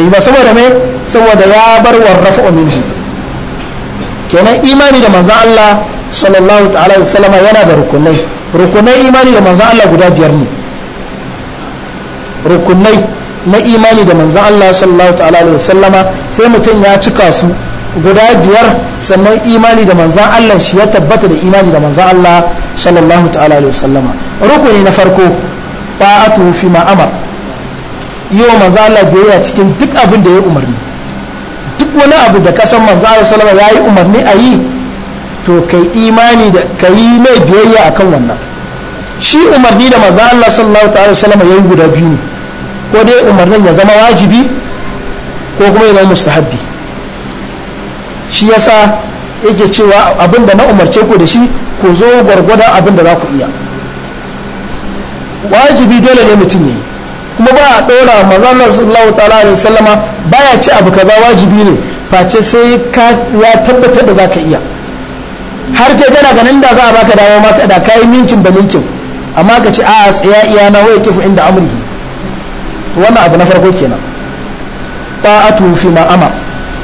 bai ba saboda me saboda ya bar warrafa shi kenan imani da manzan Allah sallallahu ta'ala da salama yana da rukunai rukunai imani da manzan Allah guda biyar ne rukunai na imani da manzan Allah sallallahu ta'ala da salama sai mutum ya cika su guda biyar sannan imani da manzan Allah shi ya tabbata da imani da manzan Allah sallallahu ta'ala da salama rukuni na farko ta'atu fi ma'amar yi wa manzo Allah biyayya cikin duk abin da ya umarni duk wani abu da ka san manzo Allah sallallahu alaihi ya yi umarni a yi to kai imani da kai mai biyayya akan wannan shi umarni da manzo Allah sallallahu alaihi wasallam ya yi guda biyu ne ko dai umarnin ya zama wajibi ko kuma ya zama mustahabbi shi yasa yake cewa abin da na umarce ku da shi ku zo gwargwadon abin da za ku iya wajibi dole ne mutum ya yi kuma ba a ɗora manzon sallallahu ta'ala alaihi sallama ya ci abu kaza wajibi ne face sai ya tabbatar da za ka iya har ke gana ganin da za a baka dawo maka da yi minkin ba minkin amma ka ci a tsaya iya na waya kifu inda amurki. wannan abu na farko kenan ta'atu fi ma wa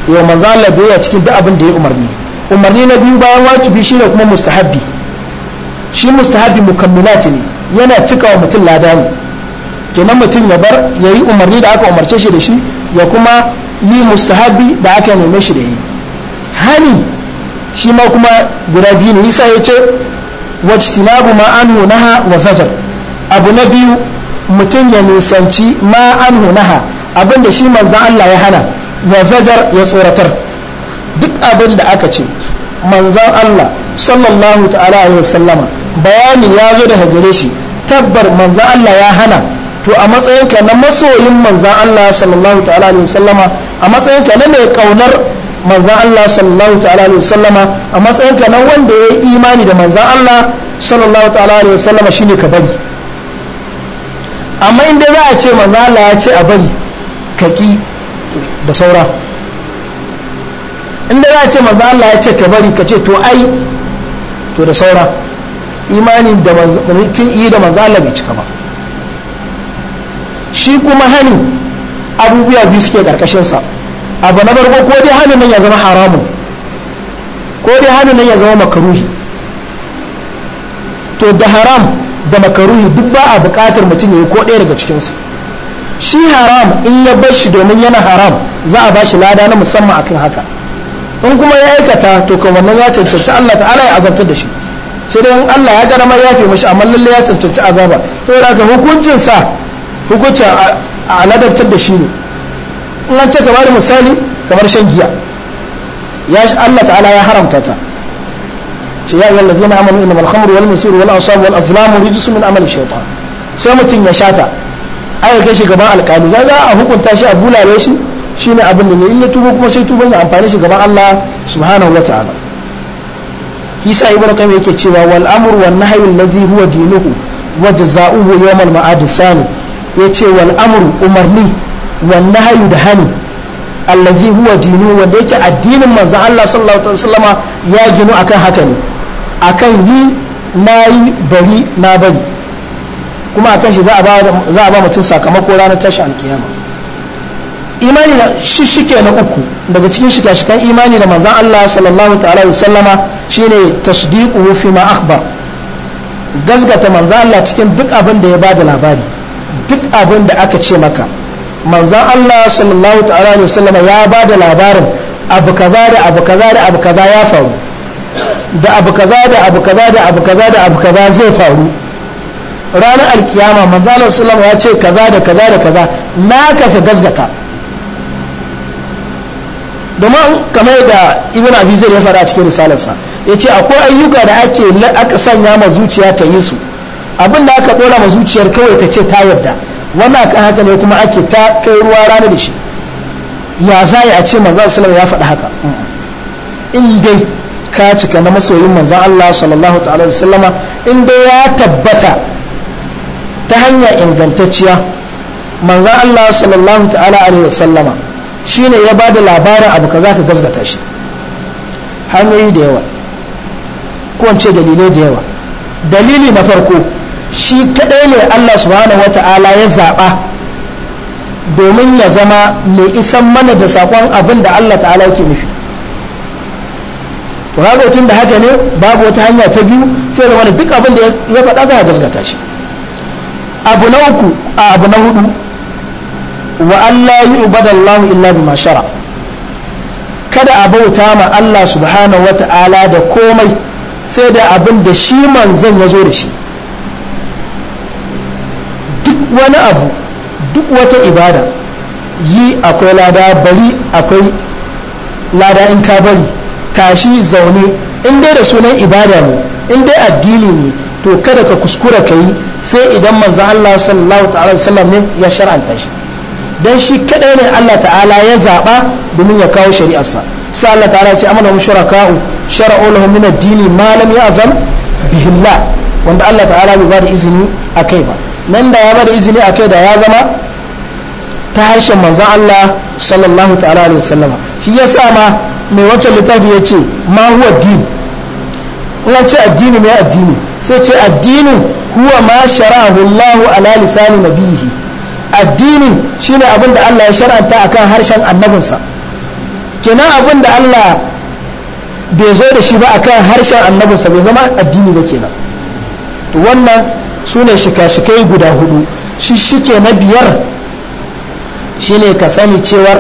yau manzo ya biyayya cikin duk abin da ya umarni umarni na biyu bayan wajibi shine kuma mustahabbi shi mustahabbi mukammilat ne yana cika wa mutum lada ne kenan mutum ya bar ya yi umarni da aka umarce shi da shi ya kuma yi mustahabi da aka neme shi da yi hani shi ma kuma guda biyu ne isa ya ce wajtinabu ma an naha wa zajar abu na biyu mutum ya nisanci ma anhu abin abinda shi manzan Allah ya hana wa zajar ya tsoratar duk abin da aka ce manzan Allah sallallahu ta'ala yi wasallama bayani ya zo da gare shi tabbar manzan Allah ya hana to a matsayinka na masoyin manzan Allah sallallahu ta'ala alaihi sallama a matsayinka na mai kaunar manzan Allah sallallahu ta'ala alaihi sallama a matsayinka na wanda ya yi imani da manzan Allah sallallahu ta'ala alaihi wasallama shine ka bari amma inda za a ce manzan Allah ya ce a bari ka ki da saura inda za a ce manzan Allah ya ce ka bari ka ce to ai to da saura imanin da manzan Allah bai cika ba shi kuma hani abubuwa biyu suke karkashinsa abu na farko ko dai hani nan ya zama haramun ko dai hani nan ya zama makaruhi to da haram da makaruhi duk ba a buƙatar mutum ya yi ko ɗaya daga cikinsu shi haram in ya bar shi domin yana haram za a ba shi lada na musamman akan haka in kuma ya aikata to kan wannan ya cancanci Allah ta'ala ya azabtar da shi sai dai in Allah ya ga ya yafe mashi amma lalle ya cancanci azaba saboda haka hukuncin sa hukuncin a ladabtar da shi ne in an ce gaba da misali kamar shan giya ya Allah ta'ala ya haramta ta ce ya ayyuhal ladina amanu innamal khamru wal maisir wal ansab wal azlam rijsun min amali shaytan sai mutum ya shata ai kai shi gaban alƙali za a hukunta shi a bulale shi shine abin da ne in ya tubo kuma sai tuban ya amfani shi gaban Allah subhanahu wa ta'ala isa ibnu qayyim yake cewa wal amru wan nahyu alladhi huwa dinuhu wa jazaohu yawm al ma'ad thani ya ce wal amru umarni wan nahyu da hani allazi huwa dinu wanda yake addinin manzon Allah sallallahu alaihi wasallama ya ginu akan haka ne akan yi nayi bari na bari kuma akan shi za a ba za a mutum sakamako ranar tashi alkiyama imani na shishike na uku daga cikin shika-shikan imani da manzon Allah sallallahu alaihi wasallama shine tasdiquhu fi ma akhbar gasgata manzon Allah cikin duk abin da ya bada labari duk abin da aka ce maka manzan Allah sallallahu ta'ala wa sallama ya ba da labarin abu kaza da abu kaza da abu kaza ya faru da abu kaza da abu kaza da abu kaza da abu kaza zai faru ranar alkiyama manzan Allah sallallahu ya ce kaza da kaza da kaza na ka gazgata domin kamar da ibn abi zai ya fara cikin risalarsa ya ce akwai ayyuka da ake aka sanya ma zuciya ta yi su abin da aka dora ma zuciyar kawai ta ce ta yarda wannan akan haka ne kuma ake ta kai ruwa rana da shi ya za a ce manzan sallam ya faɗi haka in dai ka cika na masoyin manzan Allah sallallahu ta'ala in dai ya tabbata ta hanya ingantacciya manzan Allah sallallahu ta'ala alaihi shine ya bada labarin abu kaza ka gazgata shi hanyoyi da yawa ko dalilai da yawa dalili na farko shi kaɗai ne Allah subhanahu ta'ala ya zaɓa domin ya zama mai isan mana da sakon abin da Allah ta'ala yake nufi to haka tun da haka ne babu wata hanya ta biyu sai da wani duk abin da ya faɗa za a gaskata shi abu na uku a abu na hudu wa Allah yi ubadallahu illa bima shara kada a bauta ma Allah subhanahu ta'ala da komai sai da abin da shi manzon ya zo da shi wani abu duk wata ibada yi akwai lada bari akwai lada in ka bari tashi zaune in dai da sunan ibada ne in dai addini ne to kada ka kuskura ka yi sai idan manzo Allah sallallahu ta'ala wasallam ne ya shar'anta shi dan shi kadai ne Allah ta'ala ya zaba domin ya kawo shari'arsa sai Allah ta'ala ya ce amana mu shar'u lahum min ad addini ma lam ya'zam bihi Allah wanda Allah ta'ala bai ba da izini a kai ba nan da ya bada izini a kai da ya zama ta harshen manzan Allah sallallahu ta'ala alaihi wasallam shi ya sa ma mai wancan littafi ya ce ma huwa din in ce addini mai addini sai ce addini huwa ma shara'ahu Allah ala lisani nabihi addini shine abin da Allah ya shar'anta akan harshen annabinsa kenan abin da Allah bai zo da shi ba akan harshen annabinsa bai zama addini ba kenan to wannan su ne shika-shikai guda hudu shi shike na biyar shi ne ka sani cewar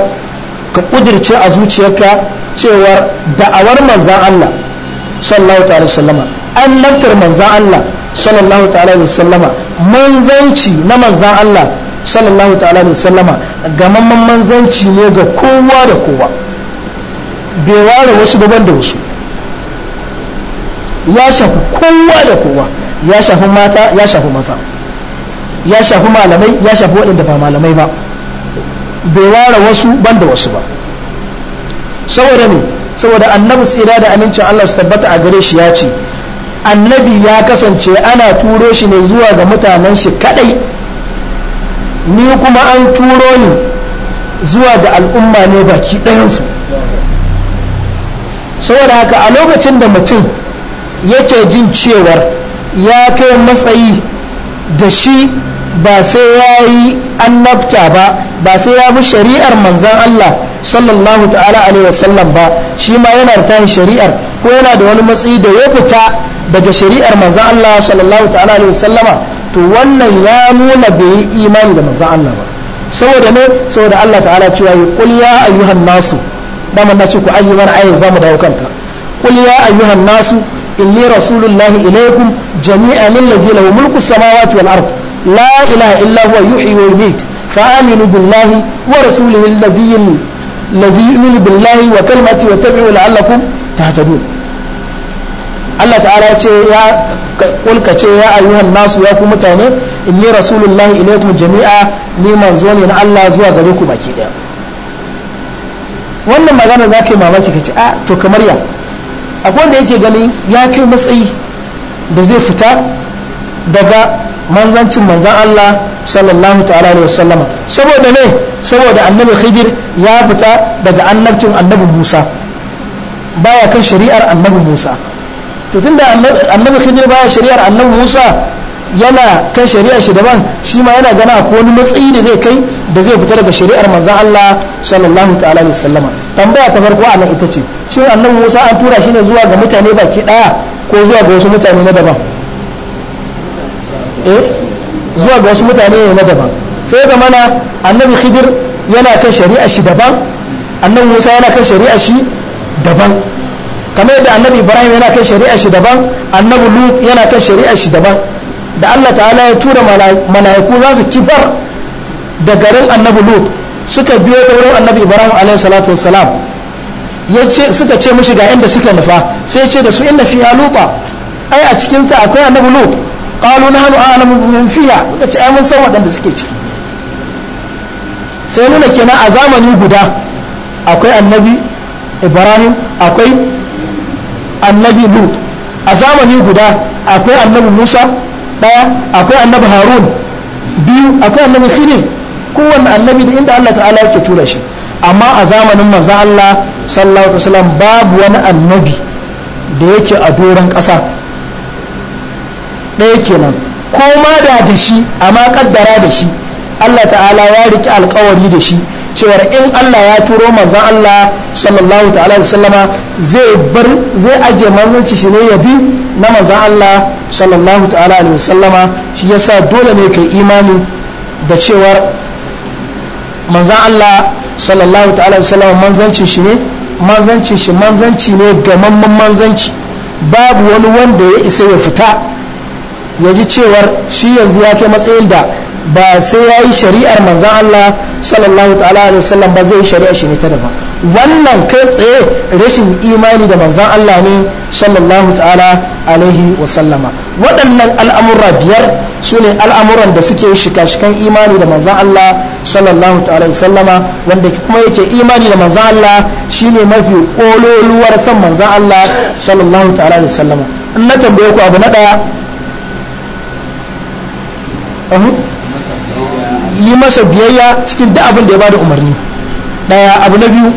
ka kudirce a zuciyarka cewar da'awar manzan Allah sallallahu ta'ala sallama an laftar manzan Allah sallallahu ta'ala sallama manzanci na manzan Allah sallallahu ta'ala sallama gamamman manzanci ne ga kowa da kowa bai ware wasu daban da wasu ya shafi kowa da kowa ya shafi mata ya shafi maza ya shafi malamai ya shafi waɗanda ba malamai ba bai ware wasu ban da wasu ba saboda ne saboda annabi tsira da amincin Allah su tabbata a gare shi ya ce annabi ya kasance ana turo shi ne zuwa ga mutanen shi kadai ni kuma an turo ni zuwa ga al'umma ne baki ɗayansu saboda haka a lokacin da mutum yake jin cewar ya kai matsayi da shi ba sai ya yi annabta ba ba sai ya bi shari'ar manzan Allah sallallahu ta'ala alaihi wasallam ba shi ma yana da tayin shari'ar ko yana da wani matsayi da ya fita daga shari'ar manzan Allah sallallahu ta'ala alaihi wasallama to wannan ya nuna bai yi imani da manzan Allah ba saboda ne saboda Allah ta'ala cewa ya qul ya ayyuhan nasu da man nace ku ayyuhan ayin zamu dawo kanta qul ya ayyuhan nasu inni rasulullahi ilaikum jami'an lillazi lahu mulku samawati wal ard la ilaha illa huwa yuhyi wa yumiit fa aminu billahi wa rasulihi alladhi الذي يؤمن بالله وكلمته واتبعوا لعلكم تهتدون Allah ta'ala ce ya kulka ce ya ayyuhan nasu ya ku mutane inni rasulullahi ilaikum jami'a ni manzo ne na Allah zuwa gare ku baki daya wannan magana za ka yi mamaki ka ce a ah, to kamar ya akwai wanda yake ganin ya kai matsayi da zai fita daga manzancin manzan Allah sallallahu ta'ala wa wasallama saboda ne saboda annabi khidir ya fita daga annabcin annabi Musa baya kan shari'ar annabi Musa to tunda annabi khidir baya shari'ar annabi Musa yana kan shari'ar shi daban shi ma yana gana ko wani matsayi da zai kai da zai fita daga shari'ar manzan Allah sallallahu ta'ala wa wasallama tambaya ta farko a ita ce shi annabi musa an tura shi ne zuwa ga mutane baki daya ko zuwa ga wasu mutane na daban eh zuwa ga wasu mutane ne na daban sai ga mana annabi khidir yana kan shari'a shi daban annabi musa yana kan shari'a shi daban kamar yadda annabi ibrahim yana kan shari'a shi daban annabi lut yana kan shari'a shi daban da allah ta'ala ya tura mala'iku za su kifar da garin annabi lut suka biyo ta wurin annabi ibrahim alaihi salatu wassalam yace suka ce mishi ga inda suka nufa sai ce da su inna fiya lupa ai a cikin ta akwai annabi lut qalu nahnu a'lamu biman fiha suka ce ai mun san waɗanda suke ciki sai nuna kenan a zamani guda akwai annabi ibrahim akwai annabi lut a zamani guda akwai annabi musa ɗaya akwai annabi harun biyu akwai annabi khidir kowane annabi da inda Allah ta'ala yake tura shi amma a zamanin manzo Allah sallallahu alaihi wasallam babu wani annabi da yake a doron ƙasa ɗaya kenan ko ma da da shi amma kaddara da shi Allah ta'ala ya riki alkawari da shi cewar in Allah ya turo manzon Allah sallallahu ta'ala sallama zai bar zai aje manzanci shi ne ya bi na manzon Allah sallallahu ta'ala alaihi sallama shi yasa dole ne kai imani da cewar manzan Allah sallallahu ta'ala wasallam manzanci shi ne manzanci shi manzanci ne gamamman manzanci babu wani wanda ya isa ya fita ya ji cewar shi yanzu ya kai matsayin da ba sai ya yi shari'ar manzan Allah sallallahu ta'ala alaihi wasallam ba zai yi shari'a shi ne ta daban wannan kai tsaye rashin imani da manzan Allah ne sallallahu ta'ala alaihi wasallama waɗannan al'amura biyar su ne al'amuran da suke shika-shikan imani da manzan Allah sallallahu ta'ala wasallama wanda kuma yake imani da manzan Allah shine mafi ƙololuwar san manzan Allah sallallahu ta'ala wasallama in na tambaye ku abu na ɗaya yi masa biyayya cikin duk abin da ya bada umarni daya abu na biyu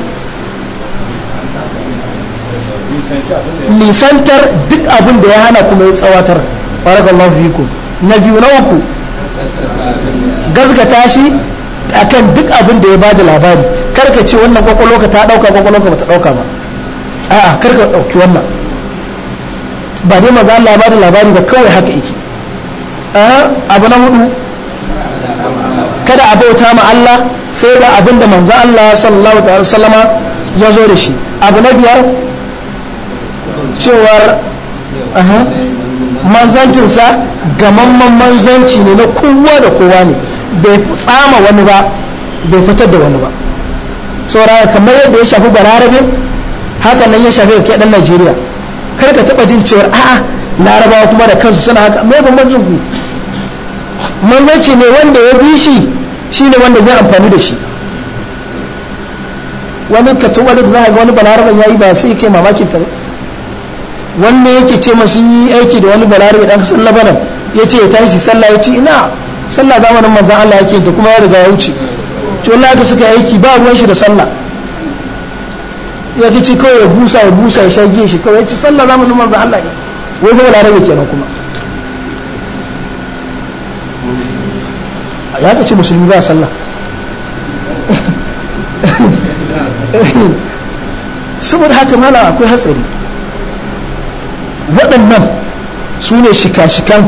nisantar duk abin da ya hana kuma ya tsawatar barakallahu fikum na biyu na uku gazgata shi akan duk abin da ya bada labari karka ce wannan ka ta dauka kwakwalwa ba ta dauka ba a'a karka dauki wannan ba dai maza Allah ba da labari ba kawai haka yake abu na hudu kada a bauta ma Allah sai da abin da manzo Allah sallallahu alaihi wasallam ya zo da shi abu na biyar cewar manzancinsa gamamman manzanci ne na kowa da kowa ne bai tsama wani ba bai fitar da wani ba sauraya kamar yadda ya shafi bararabe haka nan ya shafi kai dan najeriya kar ka taba jin cewar a'a larabawa kuma da kansu suna haka mai bambancin ku manzanci ne wanda ya bi shi Shi ne wanda zai amfani da shi wani katon wani za a ga wani balarabin ya yi ba sai kai mamakin ta wanda yake ce masu yi aiki da wani balarabin ɗan kasar labanan ya ce ya tashi sallah ya ce ina sallah zamanin manzan Allah yake da kuma ya riga ya wuce to wani aka suka aiki ba ruwan shi da sallah ya ce kawai ya busa ya busa ya shage shi kawai ya ce sallah zamanin manzan Allah ya wai ga kenan kuma za ka ce musulmi ba sallah saboda haka mala akwai hatsari waɗannan su ne shika-shikan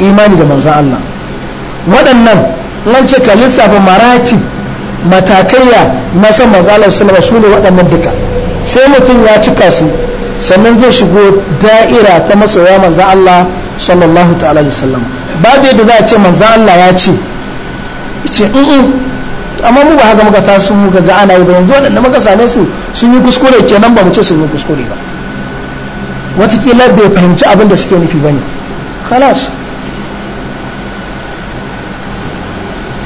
imani da manzan Allah waɗannan nan ce ka lissafa marati matakaiya na san manzan Allah su su ne waɗannan duka sai mutum ya cika su sannan zai shigo da'ira ta masoya manzan Allah sallallahu ta'ala da sallama babu yadda za a ce manzan Allah ya ce ce in mm, mm. amma mu ba haka muka taso muka ga ana yi ba yanzu waɗanda muka same su sun yi kuskure kenan ba mu ce sun yi kuskure ba watakila bai fahimci abin da suke nufi ba ne kalas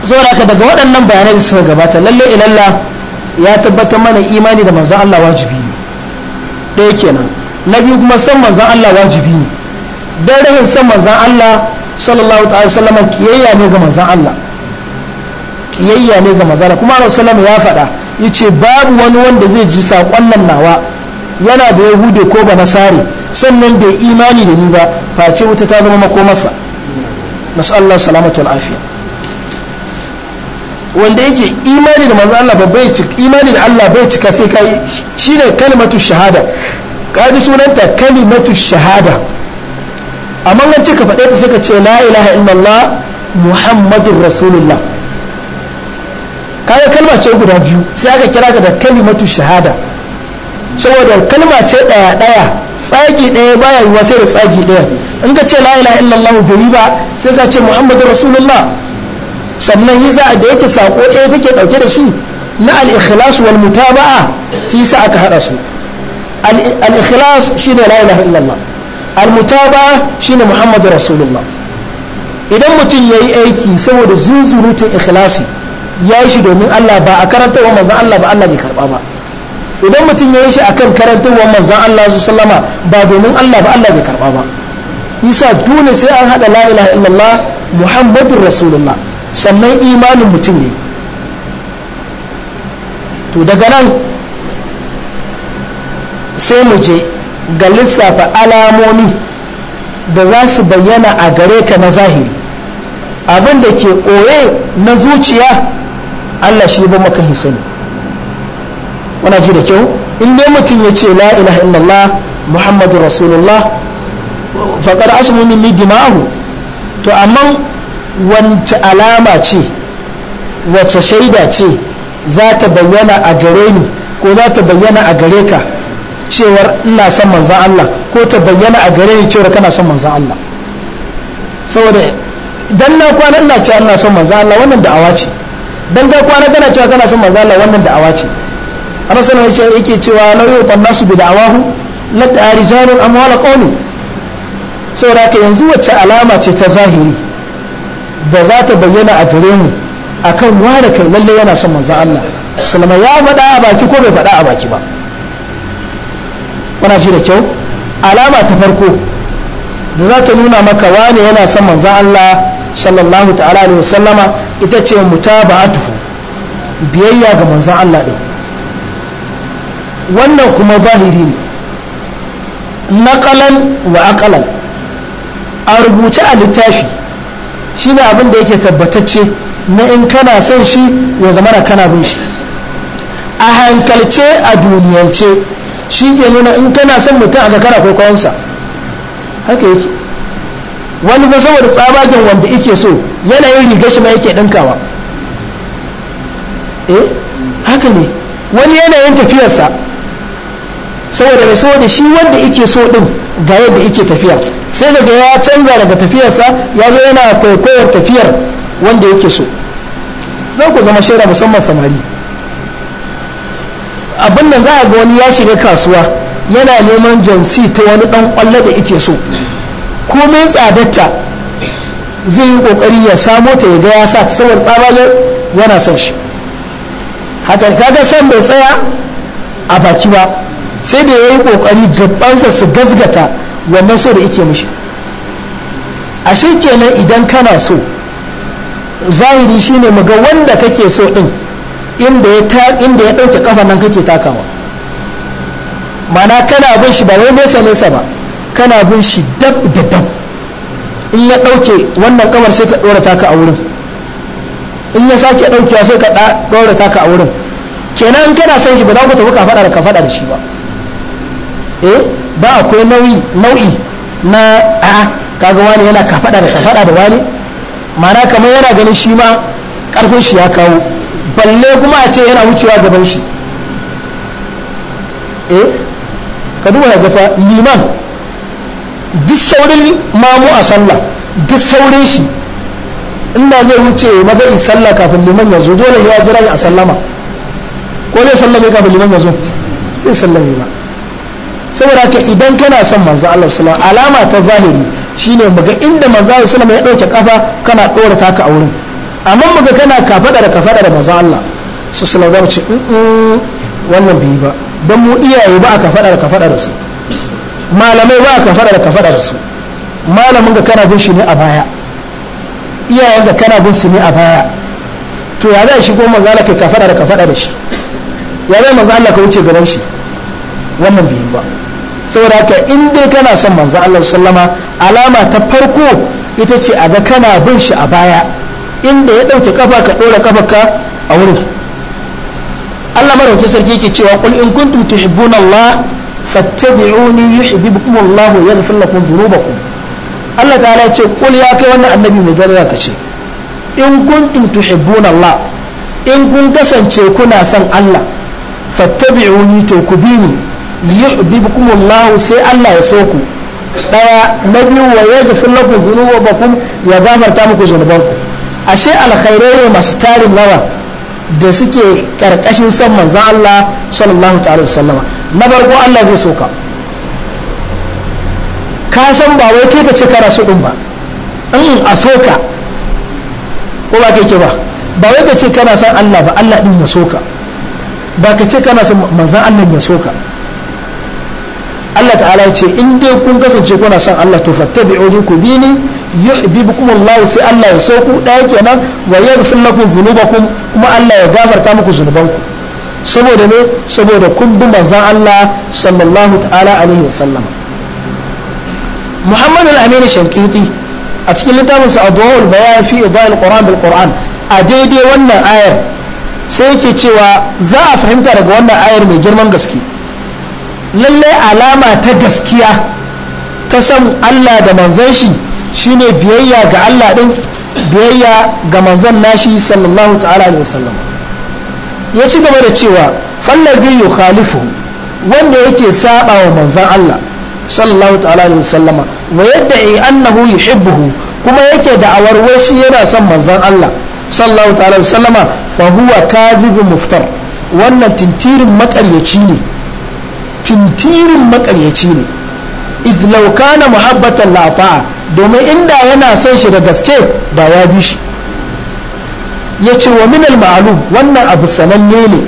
saboda haka daga waɗannan bayanai suka gabata lalle ilalla ya tabbatar mana imani da manzon Allah wajibi ne ɗaya kenan na biyu kuma san manzon Allah wajibi ne don rahin san manzon Allah sallallahu ta'ala sallama kiyayya ne ga manzon Allah kiyayya ne ga mazala kuma Annabi sallallahu ya faɗa yace babu wani wanda zai ji sakon nan nawa yana da yahude ko ba nasari sannan bai imani da ni ba face wuta ta zama makomarsa allah salamatu al'afiya afiya wanda yake imani da manzo Allah bai cika imani da Allah bai cika sai kai shine kalimatu shahada kaji sunanta kalimatu shahada amma nan cika faɗe ta sai ka ce la ilaha illallah muhammadur rasulullah kaga kalma ce guda biyu sai aka kira ta da kalimatu shahada saboda kalma ce daya daya tsagi daya baya yiwa sai da tsagi daya in ka ce la ilaha illallah bai ba sai ka ce muhammadu rasulullah sannan yi za da yake sako ɗaya take ɗauke da shi na al-ikhlas wal mutaba'a fi sa aka hada su al-ikhlas shine la ilaha illallah al-mutaba'a shine muhammadu rasulullah idan mutum yayi aiki saboda zunzurutun ikhlasi ya yi shi domin Allah ba a karantarwa manzan Allah ba Allah bai karba ba idan mutum ya yi shi akan karantarwa manzan Allah su sallama ba domin Allah ba Allah bai karba ba isa dole sai an haɗa la ilaha illallah muhammadun rasulullah sannan imanin mutum ne to daga nan sai mu je ga lissafa alamomi da za su bayyana a gare ka na zahiri abin da ke koye na zuciya Allah shi ba maka hisani wana ji da kyau in dai mutum ya ce la ilaha illallah muhammadu rasulullah faƙar asmu minni dima'ahu to amma wancan alama ce wacce shaida ce za ta bayyana a gare ni ko za ta bayyana a gare ka cewar ina son manzan Allah ko ta bayyana a gare ni cewar kana son manzan Allah saboda dan na kwana ina ce ina son manzan Allah wannan da'awa ce dan ga kwana kana cewa kana son manzo Allah wannan da'awa ce ana sanar yake cewa la yutan nasu bi da'awahu la ta'rijalun amwal qawmi saboda ka yanzu wacce alama ce ta zahiri da za ta bayyana a gare mu akan ware kai lalle yana son manzo Allah sallama ya faɗa a baki ko bai faɗa a baki ba kuna ji da kyau alama ta farko da za ta nuna maka wane yana son manzo Allah sallallahu ta'ala alaihi sallama ita ce mutaba'atuhu biyayya ga manzon Allah din wannan kuma zahiri ne naqalan wa aqalan a rubuce a littafi shine abin da yake tabbatacce na in kana son shi ya zama da kana bin shi a hankalce a duniyance shi ke nuna in kana son mutum a ga kana kwaikwayonsa haka yake wani ba saboda tsabagen wanda yake so yanayin riga shi ma yake ɗinkawa eh haka ne wani yanayin tafiyarsa saboda mai saboda shi wanda yake so din ga yadda yake tafiya sai daga ya canza daga tafiyarsa ya zo yana kwaikwayar tafiyar wanda yake so zan ku zama shaida musamman samari abin nan za a ga wani ya shiga kasuwa yana neman jansi ta wani ɗan ƙwallo da yake so komai tsadarta zai yi kokari ya samo ta ya ga ya sa ta saboda tsabaje yana son shi hakan kaga san bai tsaya a baki ba sai da ya yi kokari gabansa su gazgata wannan so da yake mishi ashe kenan idan kana so zahiri shine mu ga wanda kake so din inda ya ta inda dauke kafa nan kake takawa mana kana bin shi ba wai nesa nesa ba kana bin shi dab da dab in ya ɗauke wannan kamar sai ka ɗora taka a wurin in ya sake ɗaukewa sai ka ɗora taka a wurin kenan in kana son shi ba za ku tafi ka faɗa da ka faɗa da shi ba eh ba akwai nau'i nau'i na a kaga wani yana ka faɗa da ka faɗa da wani ma'ana kamar yana ganin shi ma ƙarfin shi ya kawo balle kuma a ce yana wucewa gaban shi eh ka duba da gafa liman duk saurin mamu a sallah duk saurin shi ina zai wuce maza in sallah kafin liman ya zo dole ya jira ya sallama ko zai sallame kafin liman ya zo zai sallame ba saboda ka idan kana son manzo Allah sallallahu alama ta zahiri shine muga inda manzo Allah sallallahu ya dauke kafa kana dora taka a wurin amma muga kana kafada da kafada da manzo Allah su alaihi wasallam ce wannan bai ba dan mu iyaye ba ka fada da kafada da su malamai ba ka fada da ka fada da su malamin ga kana bin shi ne a baya iyayen ga kana bin su ne a baya to ya zai shigo manzo Allah kai ka fada da ka fada da shi ya zai manzo Allah wuce gaban shi wannan bai ba saboda haka in dai kana son manzo Allah sallama alama ta farko ita ce a ga kana bin shi a baya inda ya ɗauke kafa ka ɗora kafa ka a wurin Allah marauke sarki yake cewa kul in kuntum tuhibbuna Allah fattabi'uni yuhibbukum Allah yaghfir lakum dhunubakum Allah ta'ala ya ce kul ya kai wannan annabi mai daraja ka ce in kuntum tuhibbuna Allah in kun kasance kuna son Allah fattabi'uni to ku bi ni yuhibbukum sai Allah ya so ku daya na biyu wa yaghfir lakum dhunubakum ya gafarta muku zunubanku ashe alkhairai masu tarin lawa da suke karkashin san manzan Allah sallallahu ta'ala sallama na farko Allah zai so ka ka san ba wai kai ka ce kara su din ba in a soka ko ba kai ke ba ba wai ka ce kana san Allah ba Allah din ya soka ba ka ce kana san manzan Allah ya soka Allah ta'ala ya ce in dai kun kasance kuna son Allah to fattabi'uni ku bini ni yuhibbukum Allah sai Allah ya sauku daya kenan wa yaghfir lakum dhunubakum kuma Allah ya gafarta muku zunubanku saboda ne saboda kun bi manzon Allah sallallahu ta'ala alaihi wa Muhammad al-Amin Shankiti a cikin littafin sa Adwaul Bayan fi Idal Quran bil Quran a daidai wannan ayar sai yake cewa za a fahimta daga wannan ayar mai girman gaske lalle alama ta gaskiya ta san Allah da manzan shi shine biyayya ga Allah din biyayya ga manzan nashi sallallahu ta'ala alaihi wasallam ya ci gaba da cewa fallazi yukhalifu wanda yake saba wa manzan Allah sallallahu ta'ala alaihi wasallama wa yadda in annahu yuhibbuhu kuma yake da wai shi yana son manzan Allah sallallahu ta'ala alaihi wasallama fa huwa kadhibun muftar wannan tintirin makaryaci ne tintirin makaryaci ne izlau laukana muhabbatan lafa'a domin inda yana son shi da gaske ba ya bi shi ya ce wa minal ma'alum wannan abu sananne ne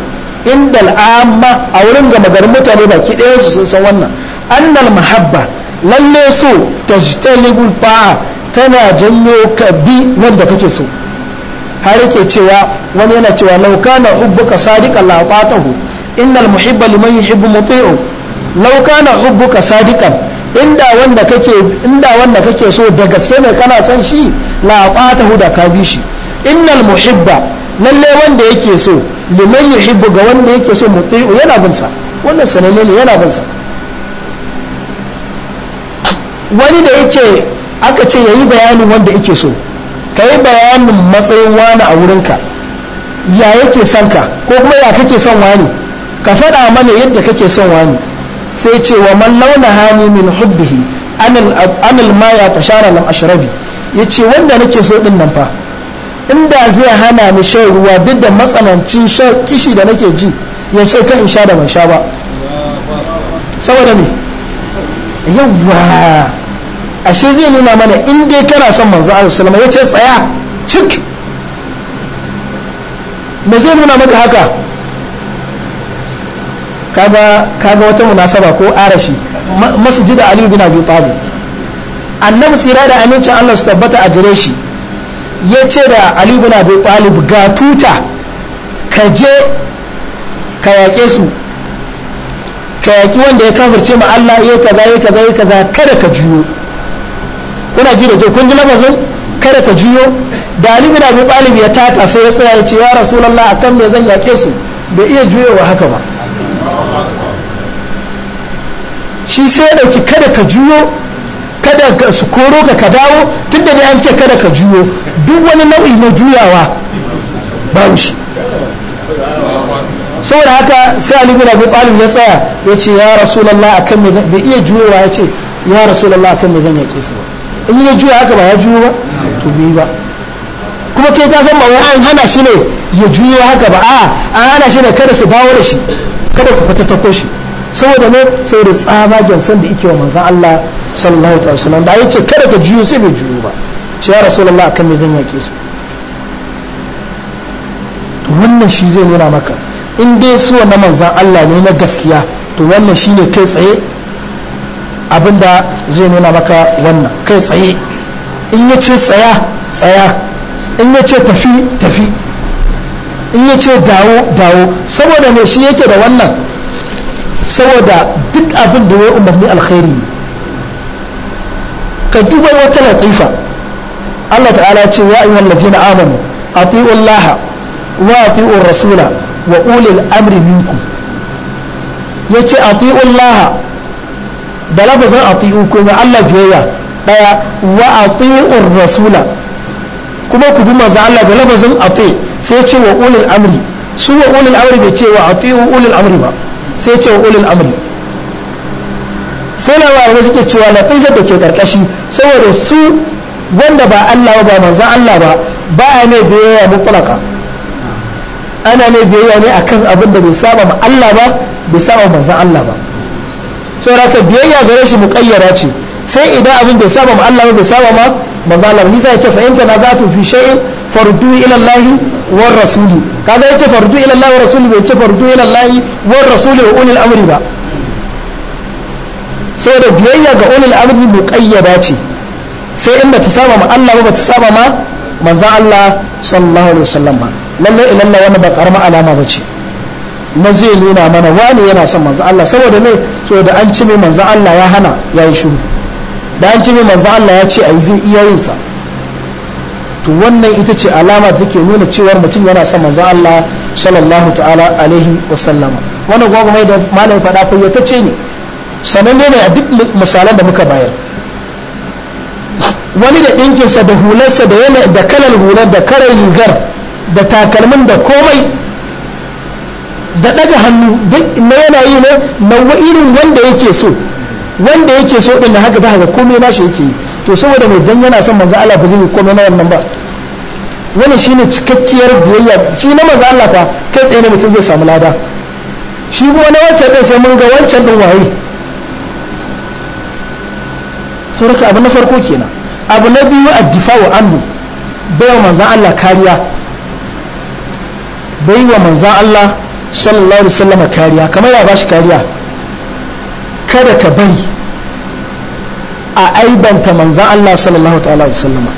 inda al'amma a wurin gama garin mutane baki ɗaya su sun san wannan annal mahabba lalle so tajtalibul fa'a tana janyo ka bi wanda kake so har yake cewa wani yana cewa laukana hubbuka sadiqan la fatahu innal muhibba liman yuhibbu muti'u law kana hubbuka sadiqan inda wanda kake inda wanda kake so da gaske ne kana son shi la fatahu da ka bi shi innal muhibba lalle wanda yake so liman yuhibbu ga wanda yake so muti'u yana bin sa wannan sananne ne yana bin sa wani da yake aka ce yayi bayanin wanda yake so kai bayanin matsayin wani a wurinka ya yake son ka ko kuma ya kake son wani ka faɗa mana yadda kake son wani sai ce wa man launa hani min hubbihi anil ma ya shara lam ashrabi ce wanda nake so din nan fa inda zai hana ni shan ruwa duk da matsanancin shan kishi da nake ji ya ce kan in sha da ban sha ba saboda ne yawwa ashe zai nuna mana in dai kana son manzo Allah ya ce tsaya cik me zai nuna maka haka kaga kaga wata munasaba ko arashi masjid ali bin abi talib annabi tsira da amincin Allah su tabbata a gare shi ya ce da ali bin abi talib ga tuta ka je ka yaƙe su ka yaƙi wanda ya kafirce ma Allah ya kaza ya kaza ya kaza kada ka juyo kuna ji da ke kun ji lafazin kada ka juyo da ali bin abi talib ya tata sai ya tsaya ya ce ya rasulullah akan me zan yaƙe su bai iya juyowa haka ba shi sai da ki kada ka juyo kada su koro ka ka dawo tun da an ce kada ka juyo duk wani nau'i na juyawa mu shi saboda haka sai ali da abu talib ya tsaya ya ce ya rasulallah akan me bai iya juyowa ya ce ya rasulallah akan me zan yake su ba in ya juya haka ba ya juyo ba to bi ba kuma kai ka san ba an hana shi ne ya juyo haka ba a an hana shi ne kada su dawo da shi kada su fita ta koshi saboda ne saboda tsabagen san da ike wa manzan Allah sallallahu alaihi wasallam da yace kada ka juyo sai bai juyo ba ce ya rasulullah akan me zan yake su to wannan shi zai nuna maka in dai su na manzan Allah ne na gaskiya to wannan shine kai tsaye abinda zai nuna maka wannan kai tsaye in ya ce tsaya tsaya in ya ce tafi tafi in ya ce dawo dawo saboda me shi yake da wannan saboda duk abin da ya umarni alkhairi ka duba wata latifa Allah ta'ala ce ya ayyuhal ladina amanu ati'u Allah wa ati'u rasula wa ulil amri minkum yace ati'u Allah da lafazin ati'u kuma Allah biyayya daya wa ati'u rasula kuma ku bi manzo Allah da lafazin ati sai ce wa ulil amri su wa ulil amri bai ce wa ati'u ulil amri ba sai ce wa ulul amri sai labarai suke cewa tun da ke karkashi saboda su wanda ba Allah ba manzan Allah ba ba a ne biyayya mutlaka ana ne biyayya ne akan abin da bai saba ma Allah ba bai saba manzan Allah ba to raka biyayya gare shi muqayyara ce sai idan abin bai saba ma Allah ba bai saba ma manzan Allah ba nisa ya ce in kana zatu fi shay'in fardu ila Allah war rasuli kaga yace fardu ila Allah war rasuli bai ce fardu ila Allah war rasuli wa ulil amri ba sai da biyayya ga ulil amri muqayyada ce sai in bata saba ma Allah ba bata saba ma manzon Allah sallallahu alaihi wasallam ba lalle ila Allah wannan ba karama alama bace na zai nuna mana wani yana son manzo Allah saboda me da an ci mai manzon Allah ya hana yayi shiru da an ci mai manzon Allah ya ce ai zai iya yin sa to wannan ita ce alama da take nuna cewar mutum yana son manzo Allah sallallahu ta'ala alaihi wa sallama wannan mai da malam faɗa fayyatacce ne sananne ne a duk misalan da muka bayar wani da ɗinkinsa da hularsa da yana da kalar hular da karar rigar da takalmin da komai da ɗaga hannu duk na yi ne na irin wanda yake so wanda yake so din da haka da haka komai ba shi yake yi to saboda mai dan yana son manzo Allah ba zai yi komai na wannan ba wannan shine cikakkiyar biyayya shi na manzo Allah fa kai tsaye ne mutum zai samu lada shi kuma na wancan din sai mun ga wancan din waye sauraka abu na farko kenan abu na biyu annu bai baiwa manzan Allah kariya baiwa manzan Allah sallallahu alaihi wasallam kariya kamar ya bashi kariya kada ta bari a aibanta manzan Allah sallallahu ta'ala wa sallama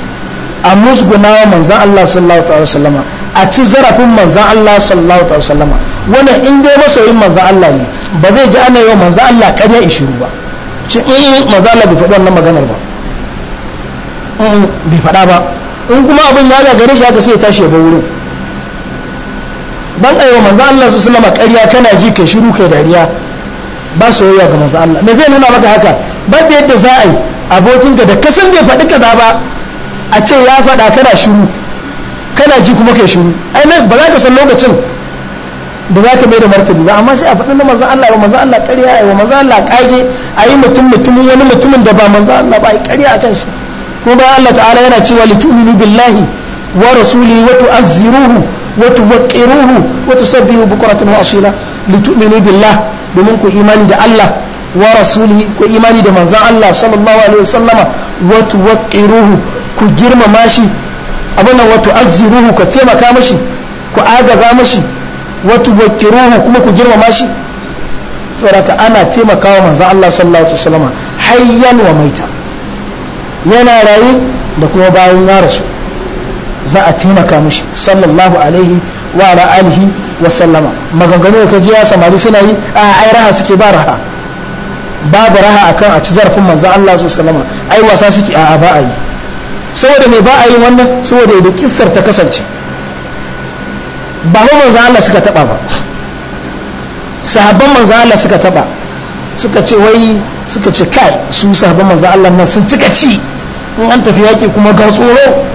a musgunawa manzan Allah sallallahu ta'ala wa sallama a ci zarafin manzan Allah sallallahu ta'ala wa sallama wannan in dai masoyin manzan Allah ne ba zai ji ana yi wa manzan Allah ƙarya ishiru ba ci in manzan Allah bai faɗi wannan maganar ba bai faɗa ba in kuma abin ya gagare shi haka sai ya tashi ya bar wurin ban aiwa manzan Allah sallallahu ta'ala wa sallama ƙarya kana ji kai shiru kai dariya ba soyayya ga manzo Allah me zai nuna maka haka babu yadda za a yi abokinka da kasan bai faɗi kaza ba a ce ya faɗa kana shiru kana ji kuma kai shiru ai ba za ka san lokacin da za ka mai da martani ba amma sai a faɗin na manzo Allah wa manzo Allah ƙarya ai wa manzo Allah ƙage ayi mutum mutumin wani mutumin da ba manzo Allah ba ai ƙarya akan shi kuma bayan Allah ta'ala yana cewa li tu'minu billahi wa rasuli wa tu'azziruhu wa tuwaqqiruhu wa tusabbihu bukratan wa asila li tu'minu billahi domin ku imani da Allah wa rasulihi ku imani da manzan Allah sallallahu alaihi wasallama wa tuwaqqiruhu ku girmama shi abana wa tu'azziruhu ka taimaka mashi ku agaza mashi wa tuwaqqiruhu kuma ku girmama shi saboda ana taimakawa manzan Allah sallallahu alaihi wasallama hayyan wa maita yana raye da kuma bayan ya rasu za a taimaka mashi sallallahu alaihi wa ala alihi wasallama maganganu da kaji ya samari suna yi a ai raha suke ba raha babu raha akan a ci zarafin manzo Allah sallama ai wasa suke a ba a yi saboda me ba a yi wannan saboda da kissar ta kasance ba mu manzo Allah suka taba ba sahabban manzo Allah suka taba suka ce wai suka ce kai su sahabban manzo Allah nan sun cika ci in an tafi yaki kuma ga tsoro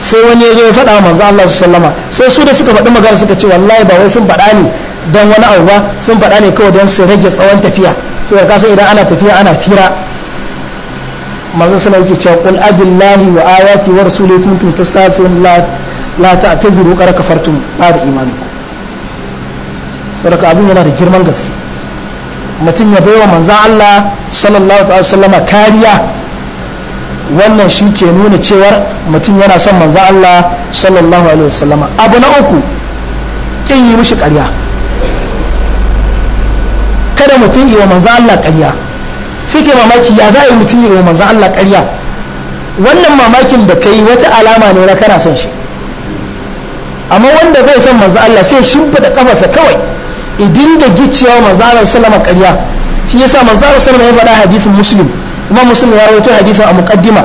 sai wani ya zo ya faɗa manzo Allah sallama sai su da suka faɗi magana suka ce wallahi ba wai sun faɗa ne don wani abu ba sun faɗa ne kawai don su rage tsawon tafiya to ka san idan ana tafiya ana fira manzo sallallahu alaihi wasallam yake cewa qul abillahi wa ayati wa rasulihi kuntum tastahzi'un la la ta'tadiru qad kafartum ba'da imanikum saboda abin yana da girman gaske mutum ya baiwa manzo Allah sallallahu alaihi wasallama kariya wannan shi ke nuna cewar mutum yana son manzan Allah sallallahu alaihi wasallam abu na uku kin yi mishi ƙarya kada mutum yi wa manzan Allah ƙarya sai ke mamaki ya za a yi mutum yi wa manzan Allah ƙarya wannan mamakin da ka yi wata alama ne na kana son shi amma wanda bai son manzan Allah sai shimfida kafarsa kawai idin da gicciyawa manzan Allah sallama ƙarya shi yasa manzan Allah sallama ya faɗa hadisin muslim kuma muslim ya rawaito hadisin a muqaddima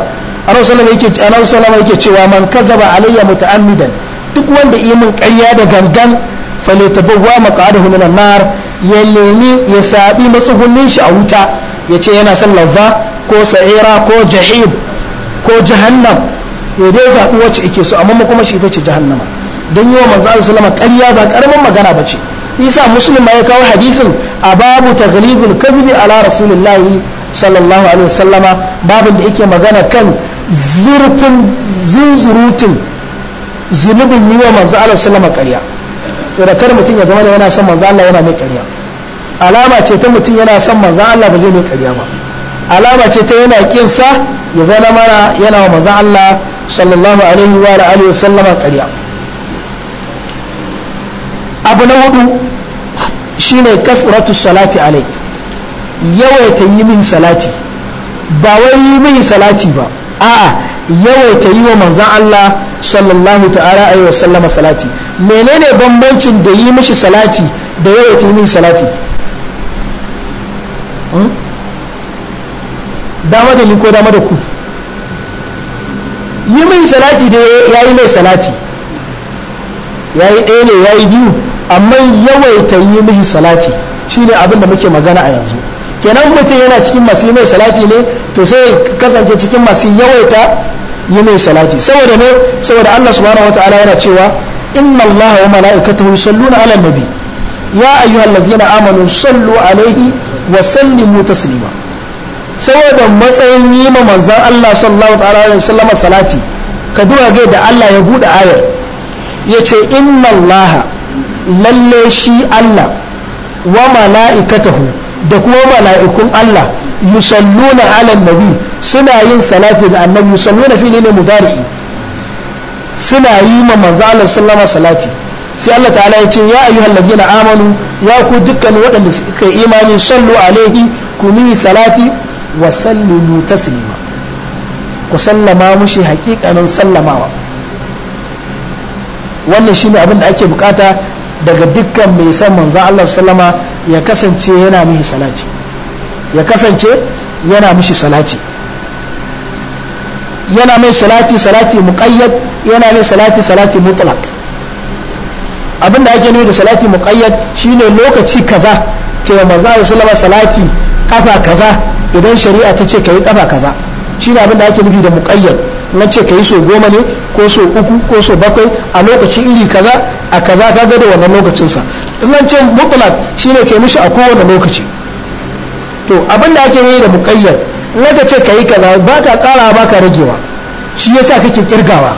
annabi sallallahu alaihi wasallam yake cewa man kadzaba alayya muta'ammidan duk wanda yi min ƙarya da gangan falyatabawwa maqadahu min an-nar ya lemi ya sabi matsugunnin shi a wuta ya ce yana son lavva ko sa'ira ko jahim ko jahannam ya dai zaɓi wacce ake so amma kuma shi ita ce jahannama don yi wa manzo Allah karya ƙarya ba ƙaramin magana ba ce isa muslim ma ya kawo hadisin a babu taghlizul kadhibi ala rasulillahi sallallahu alaihi wasallama babin da yake magana kan zurfin zunzurutun zunubin yi wa manzo Allah sallama ƙarya to da kar mutum ya zama yana son manzo Allah yana mai ƙarya alama ce ta mutum yana son manzo Allah ba zai mai ƙarya ba alama ce ta yana kin sa ya zama mana yana wa manzo Allah sallallahu alaihi wa alihi wasallama ƙarya abu na hudu shine kasratu salati alaihi yawaita yi min salati ba wai yi min salati ba a'a yawaita yi wa manzan Allah sallallahu ta'ala alaihi sallama salati menene bambancin da yi mishi salati da yawaita yi min salati hmm? dama da ko dama da ku yi min salati da ya yi mai salati ya yi ɗaya ne ya yi biyu amma yawaita yi mishi salati shine abin da muke magana a yanzu kenan mutum yana cikin masu yi mai salati ne to sai kasance cikin masu yawaita yi mai salati saboda ne saboda Allah subhanahu wataala yana cewa inna Allah wa mala'ikatahu yusalluna 'ala nabi ya ayyuhalladhina amanu sallu 'alaihi wa sallimu taslima saboda matsayin yi ma manzon Allah sallallahu ta'ala alaihi wasallam salati ka duba ga da Allah ya bude ayar yace inna Allah lalle shi Allah wa mala'ikatahu da kuma mala'ikun Allah yusalluna ala nabi suna yin salati ga annabi yusalluna fi ne suna yi ma manzo Allah sallama salati sai Allah ta'ala ya ce ya ayyuhal ladina amanu ya ku dukkan waɗanda suka yi imani sallu alaihi ku yi salati wa sallimu taslima ku sallama mushi hakikanin sallamawa wannan shine abin da ake bukata daga dukkan mai san manzo Allah sallama ya kasance yana mishi salati ya kasance yana mishi salati yana mai salati salati muqayyad yana mai salati salati mutlaq abinda ake nufi da salati muqayyad shine lokaci kaza ke manzo Allah sallama salati kafa kaza idan shari'a ta ce kai kafa kaza shine abinda ake nufi da muqayyad na ce ka yi so goma ne ko so uku ko so bakwai a lokacin iri kaza a kaza ka gado da wannan lokacinsa nan ce shi shine ke mishi a kowane lokaci to abin da ake yi da mukayyar in ka ce ka yi kaza ba ka kara ba ka ragewa shi ya sa kake kirgawa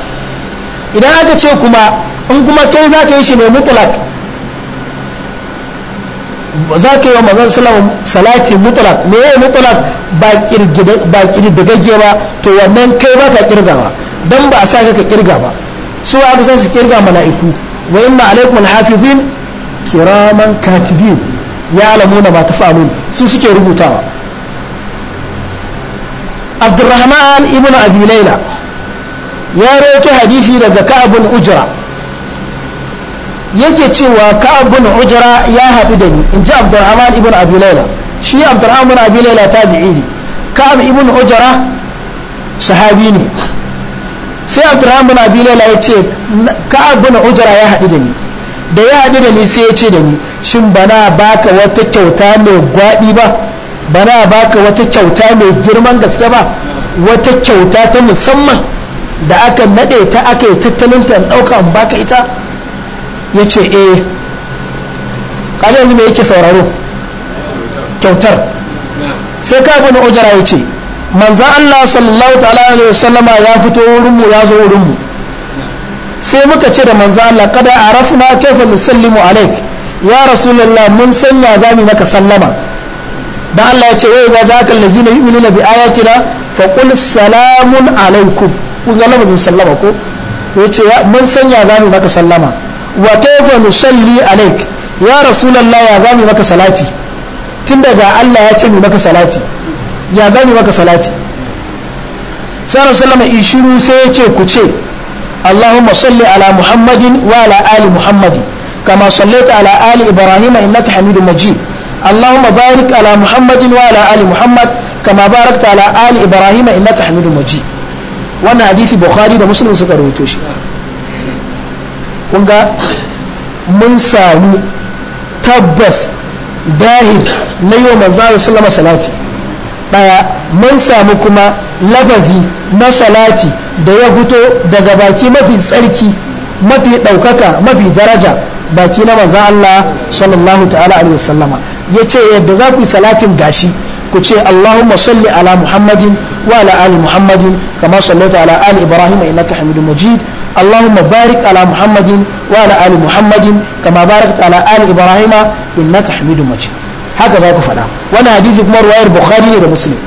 idan aka ce kuma in kuma kai za ka yi shi ne mutlaq za ka yi wa manzon salama salati mutlak me ya mutlak ba kirgagge ba to wannan kai ba ta ba don ba a sa ka kirga ba su aka su kirga mala'iku wa inna alaikum alhafizin kiraman katibin ya alamuna ma tafa'alun su suke rubutawa abdurrahman ibn abi laila ya roki hadisi daga ka'abul ujra yake cewa ka'ab bin ujra ya haɗu da ni in ji abdurrahman ibn abi laila shi abdurrahman ibn ta laila tabi'i ne ka'ab ibn ujra sahabi ne sai abdurrahman ibn abi laila ya ce ka'ab bin ujra ya haɗu da ni da ya haɗu da ni sai ya ce da ni shin bana baka wata kyauta mai gwaɗi ba bana baka wata kyauta mai girman gaske ba wata kyauta ta musamman da aka naɗe ta aka yi ta ɗauka baka ita ya ce eh kaji yanzu me yake sauraro kyautar sai ka bin ujara ya ce manzan Allah sallallahu ta'ala alaihi wasallama ya fito wurin mu ya zo wurin mu sai muka ce da manzan Allah kada arafna kaifa musallimu alaik ya rasulullah mun sanya za mu maka sallama da Allah ya ce wai ga zakal ladina yu'minuna bi ayatina fa qul salamun alaikum kun zalama lafazin sallama ko ya ce mun sanya za mu maka sallama wa kaifa nusalli alaik ya rasulullah ya mu maka salati tun Allah ya ce mu maka salati ya mu maka salati sai rasulullah mai shiru sai ya ce ku ce Allahumma salli ala Muhammadin wa ala ali Muhammadin كما صليت على آل إبراهيم إنك حميد مجيد اللهم بارك على محمد وعلى آل محمد كما باركت على آل إبراهيم إنك حميد مجيد وانا حديث بخاري ومسلم سكر وتوشي kun ga mun sami tabbas dahir na yi wa manzara sallama salati ɗaya mun sami kuma lafazi na salati da ya fito daga baki mafi tsarki mafi ɗaukaka mafi daraja baki na manza Allah sallallahu ta'ala alaihi wasallama ya ce yadda za ku yi salatin gashi ku ce Allahumma salli ala Muhammadin wa ala ali Muhammadin kama sallaita ala ali Ibrahim innaka hamidu Majid اللهم بارك على محمد وعلى آل محمد كما باركت على آل إبراهيم إنك حميد مجيد هكذا كفنا وانا حديث كما رواية البخاري إلى مسلم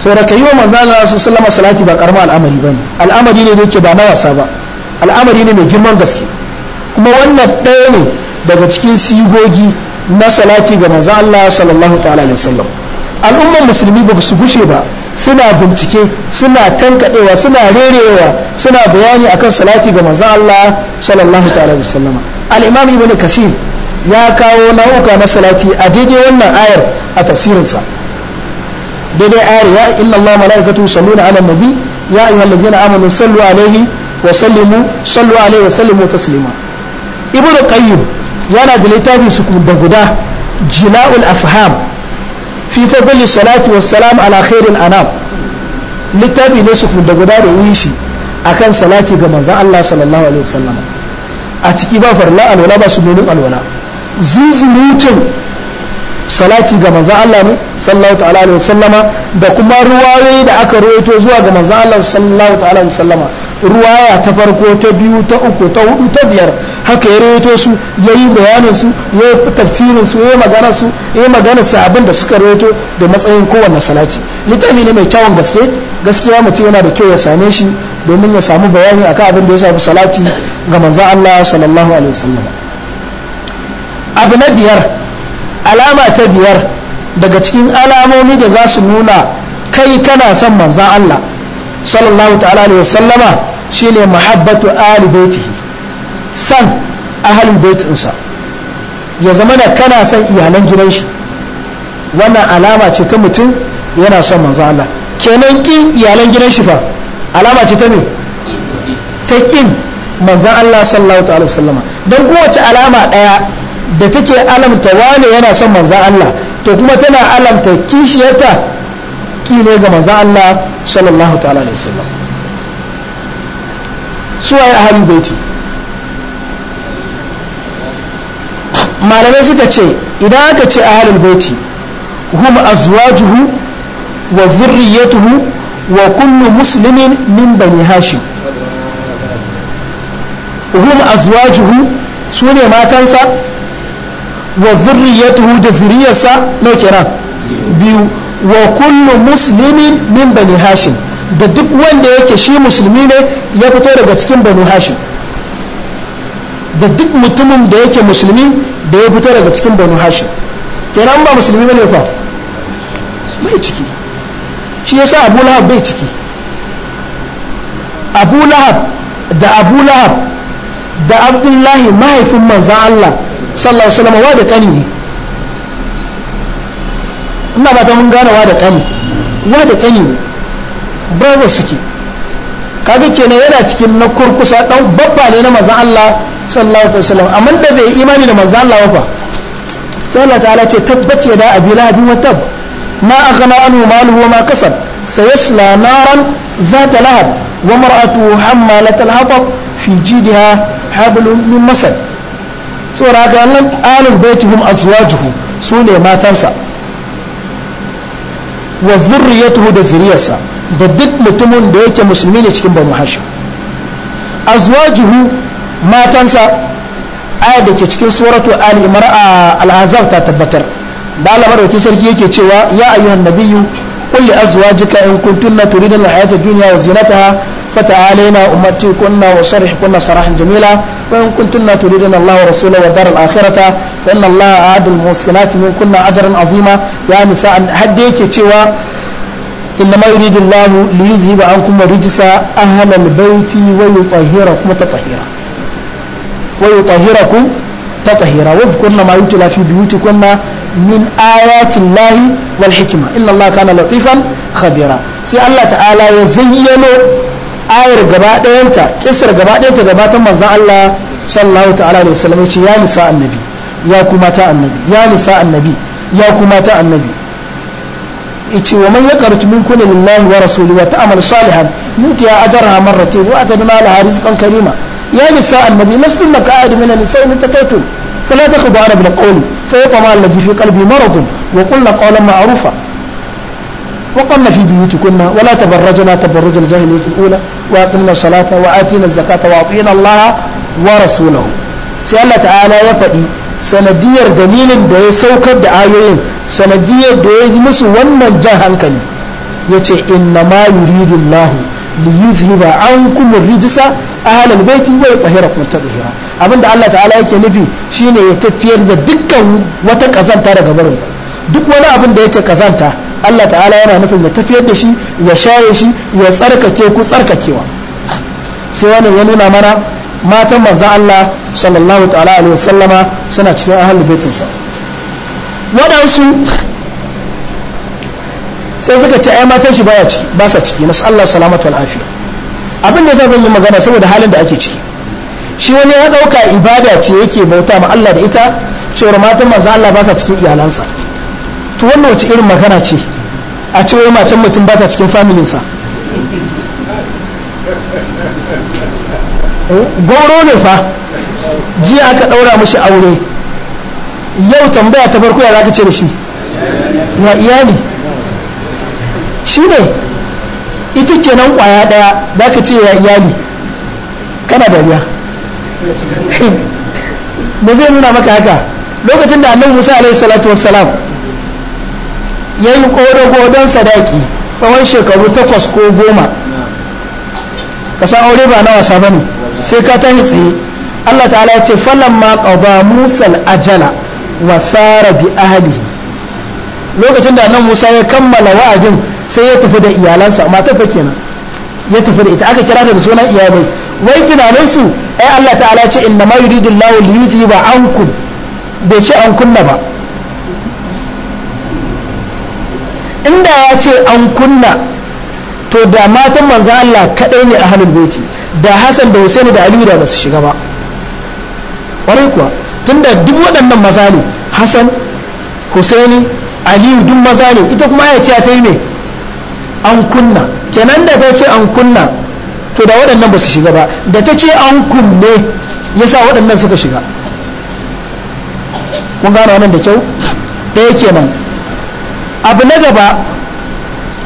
sauraka yi wa manzana na sun sallama ba karama al'amari ba al'amari ne da yake ba na wasa ba al'amari ne mai girman gaske kuma wannan ɗaya ne daga cikin sigogi na salati ga manzan Allah sallallahu ta'ala alaihi wasallam al'umman musulmi ba su gushe ba suna bincike suna tankaɗewa suna rerewa suna bayani akan salati ga manzon Allah sallallahu ta'ala alaihi wasallam al-imam ibnu kafir ya kawo nau'uka na salati a daidai wannan ayar a tafsirinsa daidai ayar ya inna Allah mala'ikatu salluna ala nabi ya ayyuhal ladina amanu sallu alaihi wa sallimu sallu alaihi wa sallimu taslima ibnu qayyim yana da littafi su da guda jila'ul afham fi fadli salatu wassalam ala khairil anam littafi ne su da guda da yi shi akan salati ga manzon Allah sallallahu alaihi wasallam a ciki ba farla alwala ba su nonin alwala zuzurutun salati ga manzon Allah ne sallallahu ta'ala alaihi wasallama da kuma ruwayoyi da aka rawaito zuwa ga manzon Allah sallallahu ta'ala alaihi wasallama ruwaya ta farko ta biyu ta uku ta hudu ta biyar haka ya rawaito su ya yi bayanin ya yi tafsirin su ya yi magana su ya yi magana su da suka rawaito da matsayin kowanne salati littafi ne mai kyawun gaske gaskiya mutum yana da kyau ya same shi domin ya samu bayani akan abin da ya shafi salati ga manzon Allah sallallahu alaihi wasallam abu na biyar alama ta biyar daga cikin alamomi da za su nuna kai kana son manzon Allah sallallahu ta'ala alaihi wasallama ne mahabbatu ahli san ahalin baitinsa ya zama da kana son iyalan gidan shi wannan alama ce ta mutum yana son manzo Allah kenan kin iyalan gidan shi fa alama ce ta me ta kin manzon Allah sallallahu alaihi wasallam dan kowace alama daya da take alamta wane yana son manzon Allah to kuma tana alamta kishiyata kine ga manzon Allah sallallahu alaihi wasallam suwaye halin baiti malamai suka ce idan aka ce ahalul baiti hum azwajuhu wa zurriyatuhu wa kullu muslimin min bani hashim hum azwajuhu su ne matansa wa zurriyatuhu da zuriyarsa nau kira biyu wa kullu muslimin min bani hashim da duk wanda yake shi musulmi ne ya fito daga cikin banu hashim da duk mutumin da yake musulmi da ya fito daga cikin banu hashim kenan ba musulmi bane fa bai ciki shi yasa abu lahab bai ciki abu lahab da abu lahab da abdullahi mahaifin manzan allah sallallahu alaihi wasallam wa da kani ne ina ba ta mun gane wa da kani wa da kani ne brother suke kaga kenan yana cikin na kurkusa dan babba ne na manzon Allah sallallahu alaihi wasallam amma da bai imani da manzon Allah ba sai Allah ta'ala ce tabbace da abi lahabin wa tab ma aghna anhu maluhu wa ma kasab sayasla naran ذات لهب ومرأته حمالة الحطب في جيدها حبل من مسد سورة قال آل البيت أزواجهم سوني ما تنسى wa zurriyatuhu da zuriyarsa da duk mutumin da yake musulmi ne cikin banu hashim azwajuhu matansa aya da ke cikin suratu al a al-azab ta tabbatar da Allah madauki sarki yake cewa ya ayyuhan nabiyyu qul li azwajika in kuntunna turidna al-hayata ad-dunya wa zinataha fata'alayna ummatikunna wa sarihkunna sarahan jamila وإن كنتن تريدن الله ورسوله والدار الآخرة فإن الله أعد المحسنات منكن أجرا عظيما يا نساء هديك تشوى إنما يريد الله ليذهب عنكم الرجس أهل البيت ويطهركم تطهيرا ويطهركم تطهيرا واذكرن ما يتلى في بيوتكن من آيات الله والحكمة إن الله كان لطيفا خبيرا سي الله تعالى يزينه ayar gaba ɗayanta kisar gaba ɗayanta gabatan manzan Allah sallallahu ta'ala da wasallam ce ya nisa annabi ya kuma ta annabi ya nisa annabi ya kuma ta annabi ice wa man yaqrutu min kulli lillahi wa rasuli wa ta'mal salihan nutiya ajraha marratayn wa atadna laha rizqan karima ya nisa annabi nasdun laka a'id min an-nisa'i min takaytun fala takhudu ala bil qawli fa yatma alladhi fi qalbi maradun wa qulna qawlan ma'rufa وقمن في بيوتكن ولا تبرجنا تبرج الجاهلية الأولى وأقمنا الصلاة وآتينا الزكاة وأطيعنا الله ورسوله sai Allah ta'ala ya faɗi sanadiyar dalilin da ya saukar da ayoyin sanadiyar da ya yi musu wannan jan hankali ya ce inna ma yuridu Allah li yuzhiba ankum rijsa ahlal baiti wa yutahhirakum tatahira abinda Allah ta'ala yake nufi shine ya tafiyar da dukkan wata kazanta daga barin duk wani abin da yake kazanta Allah ta'ala yana nufin ya tafiyar da shi ya shaye shi ya tsarkake ku tsarkakewa sai wannan ya nuna mana matan manzo Allah sallallahu ta'ala alaihi wasallama suna cikin ahlul baitinsa waɗansu sai suka ce ai matan shi baya ciki ba sa ciki nasu Allah salamatu wal afiya abin da zan yi magana saboda halin da ake ciki shi wani ya dauka ibada ce yake bauta ma Allah da ita cewa matan manzo Allah ba sa cikin iyalansa to wannan wace irin magana ce a ce wai matan mutum ba ta cikin familinsa eh, Goro ne fa jiya aka ɗaura mashi aure yau tambaya ta farko ya zaka ce da shi ya iyali shi ne ita kenan kwaya ɗaya zaka ce ya iyali kana dariya ba zai nuna maka haka lokacin da annabi musa alaihi salatu wassalam ya yi ƙodago sadaki tsawon shekaru takwas ko goma ka san aure ba na wasa ba ne sai ka ta tsaye Allah ta'ala ya ce falon ma ƙaba musal ajala wa tsara bi ahalihi lokacin da nan musa ya kammala wa'adin sai ya tafi da iyalansa matan fa kenan ya tafi da ita aka kira da sunan iyalai wai tunaninsu ai Allah ta'ala ce inna ma yuridu Allahu li yuthiba ankum bai ce an kunna ba inda ya ce an kunna to da matan manzan Allah kaɗai ne a halin beti da Hassan da Hussein da Aliyu da basu shiga ba ƙwarai kuwa tunda duk waɗannan maza ne Hassan Hussein Aliyu duk maza ne ita kuma ya ce ta yi ne an kunna kenan da ta ce an kunna to da waɗannan basu shiga ba da ta ce an kunne sa waɗannan suka shiga kun gano wannan da kyau ɗaya kenan abu na gaba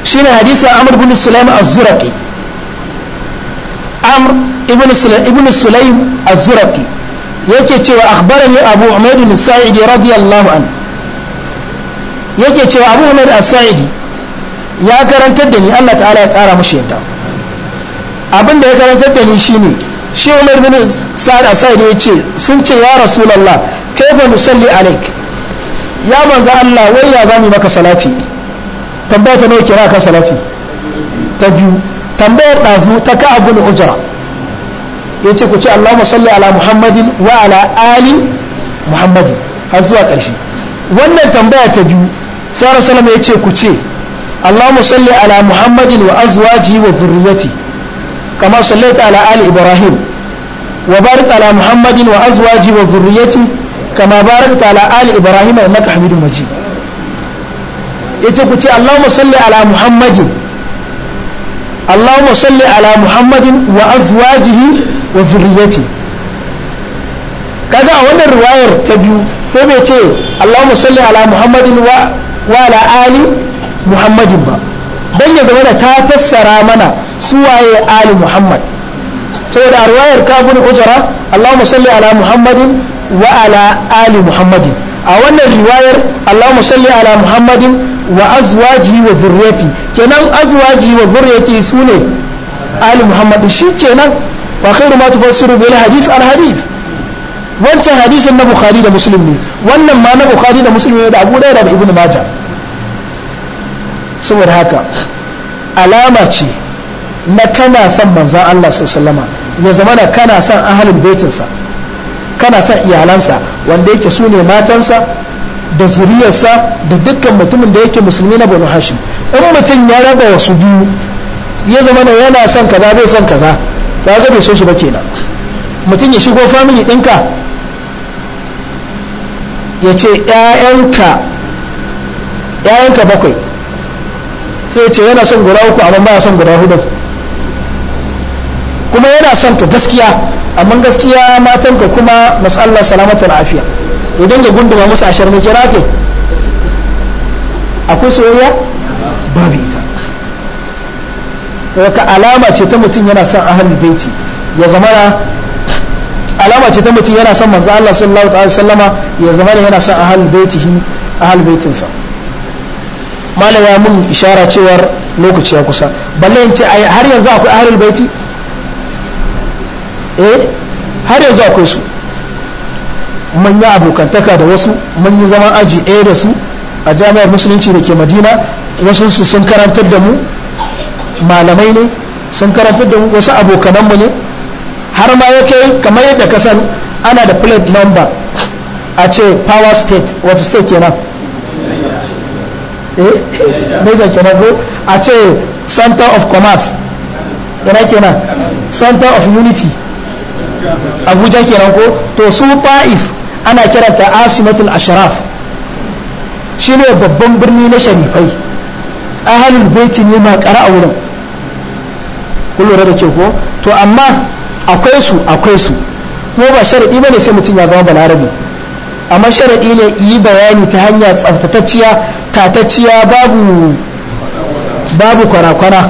shi ne hadisin amr ibn sulaim az-zuraqi amr ibn sulaim ibn sulaim az-zuraqi yake cewa akhbarani abu umayd bin sa'idi radiyallahu an yake cewa abu umayd as-sa'idi ya karantar da ni Allah ta'ala ya kara mashi yadda abin da ya karantar da ni shine shi umar bin sa'id as-sa'idi yace sun ce ya rasulullah kaifa nusalli alayka ya manzo Allah wai ya zami maka salati tambaya ta nawa kira ka salati ta biyu tambayar ɗazu ta ka abu ujra ya ce ku ce Allahumma salli ala Muhammadin wa ala ali Muhammadin har zuwa karshe wannan tambaya ta biyu sai salama ya ce ku ce Allahumma salli ala Muhammadin wa azwaji wa zurriyati kama sallaita ala ali Ibrahim wa barik ala Muhammadin wa azwaji wa zurriyati kama barakta ala ali ibrahim إنك حميد مجيد yace اللهم ce على محمد اللهم صل على محمد ala muhammadin wa wa kaga a wannan riwayar ta biyu sai bai ce allahumma salli ala muhammadin wa wa ala ali muhammadin ba dan ya zama da ta fassara mana su waye ali muhammad saboda a riwayar kabun ujra Allahumma salli ala Muhammadin wa ala ali Muhammadin a wannan riwayar Allahumma salli ala Muhammadin wa azwaji wa zurriyati kenan azwaji wa zurriyati sune ali Muhammadin shi kenan wa khairu ma tufassiru bil hadith al hadith na Bukhari da Muslim ne wannan ma na Bukhari da ne da Abu da Ibn saboda haka alama ce na kana son manzan Allah sallama ya zama na kana son ahalin betinsa kana son iyalansa wanda yake su ne matansa da zuriyarsa da dukkan mutumin da yake musulmi na banu hashim in mutum ya raba wasu biyu ya zama na yana son kaza bai son kaza ba ga bai so su ba kenan mutum ya shigo famili ɗinka ya ce ‘ya'yanka ‘ya'yanka bakwai sai ya ce yana son guda uku amma ba ya son guda hudu kuma yana son ka gaskiya amma gaskiya matan ka kuma masallar salamatar afiya idan guduma gunduma musu a mai kira ke akwai soyayya babu ita alama ce ta mutum yana son ahalul baiti ya zama alama ce ta mutum yana son manzo Allah sallallahu alaihi wasallama ya yana son baitihi baitinsa malama mun ishara cewar lokaci ya kusa balle in ce har yanzu akwai ahalul baiti eh har yanzu akwai su manya abokantaka da wasu manyan zaman aji ɗaya da su a jami'ar musulunci da ke madina wasu su sun karantar da mu malamai ne sun karantar da mu wasu abokananmu ne har ma ya kai kamar yadda ka san ana da plate number a ce power state wata state kenan eh niger kenan ko a ce center of commerce yana kenan center of unity abuja kenan ko to su ta'if ana kiranta asimatul ashraf shine babban birni na sharifai ahalul baiti ne ma kara a wurin kun lura da ke ko to amma akwai su akwai su ko ba sharaɗi ba ne sai mutum ya zama balarabi amma sharaɗi ne yi bayani ta hanya tsaftatacciya tatacciya babu babu kwana-kwana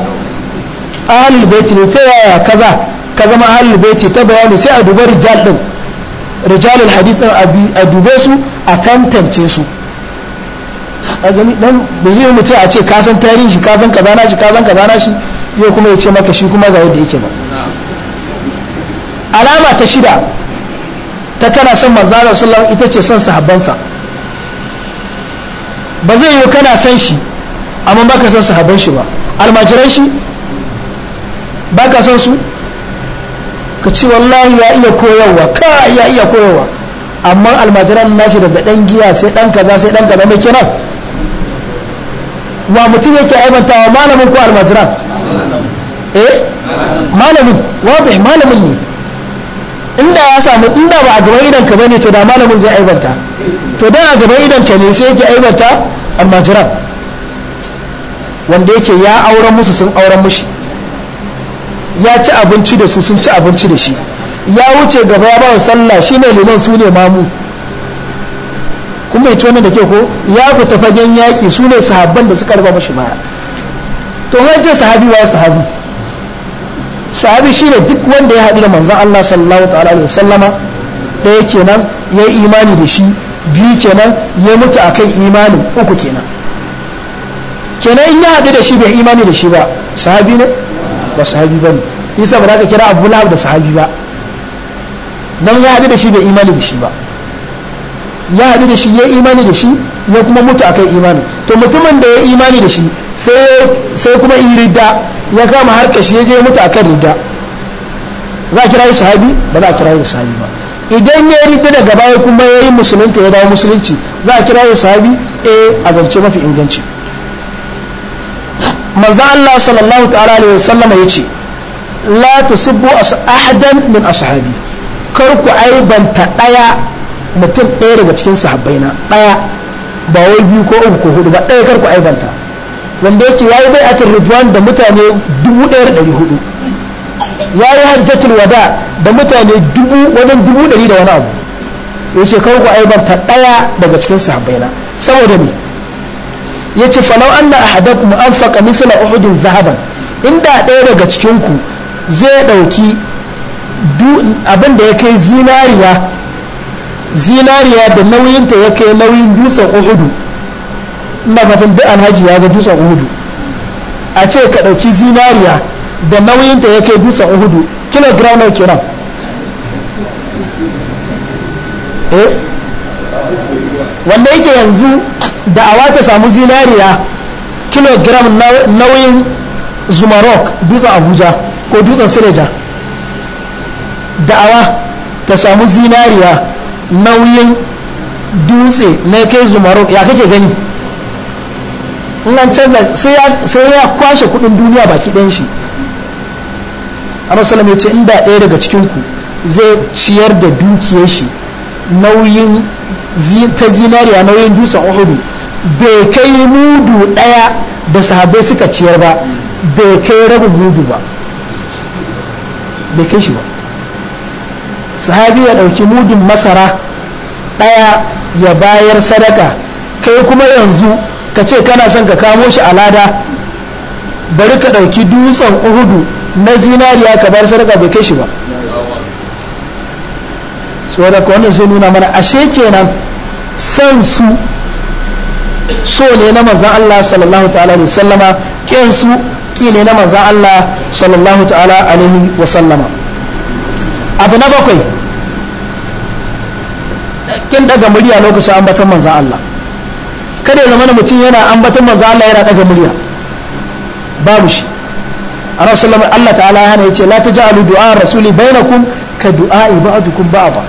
ahalul baiti ne ta yaya kaza ka zama ahlul baiti ta bayani sai a duba rijal din rijalul hadith din a dube su a tantance su a gani dan da zai mutum a ce ka san tarihin shi ka san kaza na shi ka san kaza na shi yau kuma ya ce maka shi kuma ga yadda yake ba alama ta shida ta kana son manzo Allah sallallahu ita ce son sahabbansa ba zai yi kana san shi amma baka son sahabban shi ba almajiran shi baka son su ka ci wallahi ya iya koyarwa ka ya iya koyarwa amma almajiran nashi daga dan giya sai dan kaza sai dan kaza mai kenan wa mutum yake wa malamin ko almajiran eh malamin wadai malamin ne inda ya samu inda ba a gaban idan ka bane to da malamin zai aibanta to dan a gaban idan ka ne sai yake aibanta almajiran wanda yake ya auren musu sun auren mushi ya ci abinci da su sun ci abinci da shi ya wuce gaba ya bawa sallah shi ne liman su ne mamu kuma ito ne da ke ko ya fita fagen yaƙi su ne sahabban da suka raba mashi baya to ce sahabi wa sahabi sahabi shi ne duk wanda ya haɗu da manzan Allah sallallahu ta'ala da sallama ɗaya kenan ya yi imani da shi biyu kenan ya mutu a akan imanin uku kenan kenan in ya haɗu da shi bai imani da shi ba sahabi ne ba sahabi ba ne isa ba za ka kira abu da sahabi ba don ya haɗu da shi bai imani da shi ba ya haɗu da shi ya imani da shi ya kuma mutu akan imani to mutumin da ya imani da shi sai kuma in ridda ya kama harka shi ya je mutu akan ridda za a kira yi sahabi ba za a kira yi sahabi ba idan ya ridda daga baya kuma ya yi musulunta ya dawo musulunci za a kira yi sahabi eh a zance mafi inganci manzan Allah sallallahu ta'ala alaihi wasallam ya ce la tasubbu ahadan min ashabi kar ku aibanta daya mutum ɗaya daga cikin sahabbaina daya ba wai biyu ko uku ko hudu ba daya kar ku aibanta wanda yake yayi bai'atul ridwan da mutane 1400 yayi hajjatul wada da mutane dubu wajen dubu ɗari da wani abu yace kar ku aibanta daya daga cikin sahabbaina saboda me ya ce falau an na ahadakum an faka misla uhudin zahaban inda ɗaya daga cikinku zai ɗauki abin da ya kai zinariya zinariya da nauyinta ya kai nauyin dusan uhudu ina fatan duk alhaji ya ga dusan uhudu a ce ka ɗauki zinariya da nauyinta ya kai dusan uhudu kilogram nawa kenan eh wanda yake yanzu da awa ta samu zinariya kilogram nauyin zumarok dutsen abuja ko dutsen sileja da'awa ta samu zinariya nauyin dutse na kai zumarok ya kake gani nan canza sai ya kwashe kudin duniya baki ɗan shi a ya ce inda ɗaya daga cikinku zai ciyar da dukiyar shi nauyin ta zinariya nauyin dutsen uhudu bai kai mudu ɗaya da sahabbai suka ciyar ba bai kai rabin mudu ba bai kai shi ba sahabi ya ɗauki mudun masara ɗaya ya bayar sadaka kai kuma yanzu ka ce kana son ka kamo shi al'ada bari ka ɗauki dutsen uhudu na zinariya ka bar sadaka bai kai shi ba saboda ka wannan zai nuna mana ashe kenan san su so ne na manzan Allah sallallahu ta'ala alaihi sallama ƙin su ƙi ne na manzan Allah sallallahu ta'ala alaihi wa sallama abu na bakwai kin daga murya lokacin ambatan manzan Allah kada ya zama mutum yana ambatan manzan Allah yana daga murya babu shi a rasulullah Allah ta'ala ya hana yace la taj'alu du'a rasuli bainakum ka du'a ba'dukum ba'da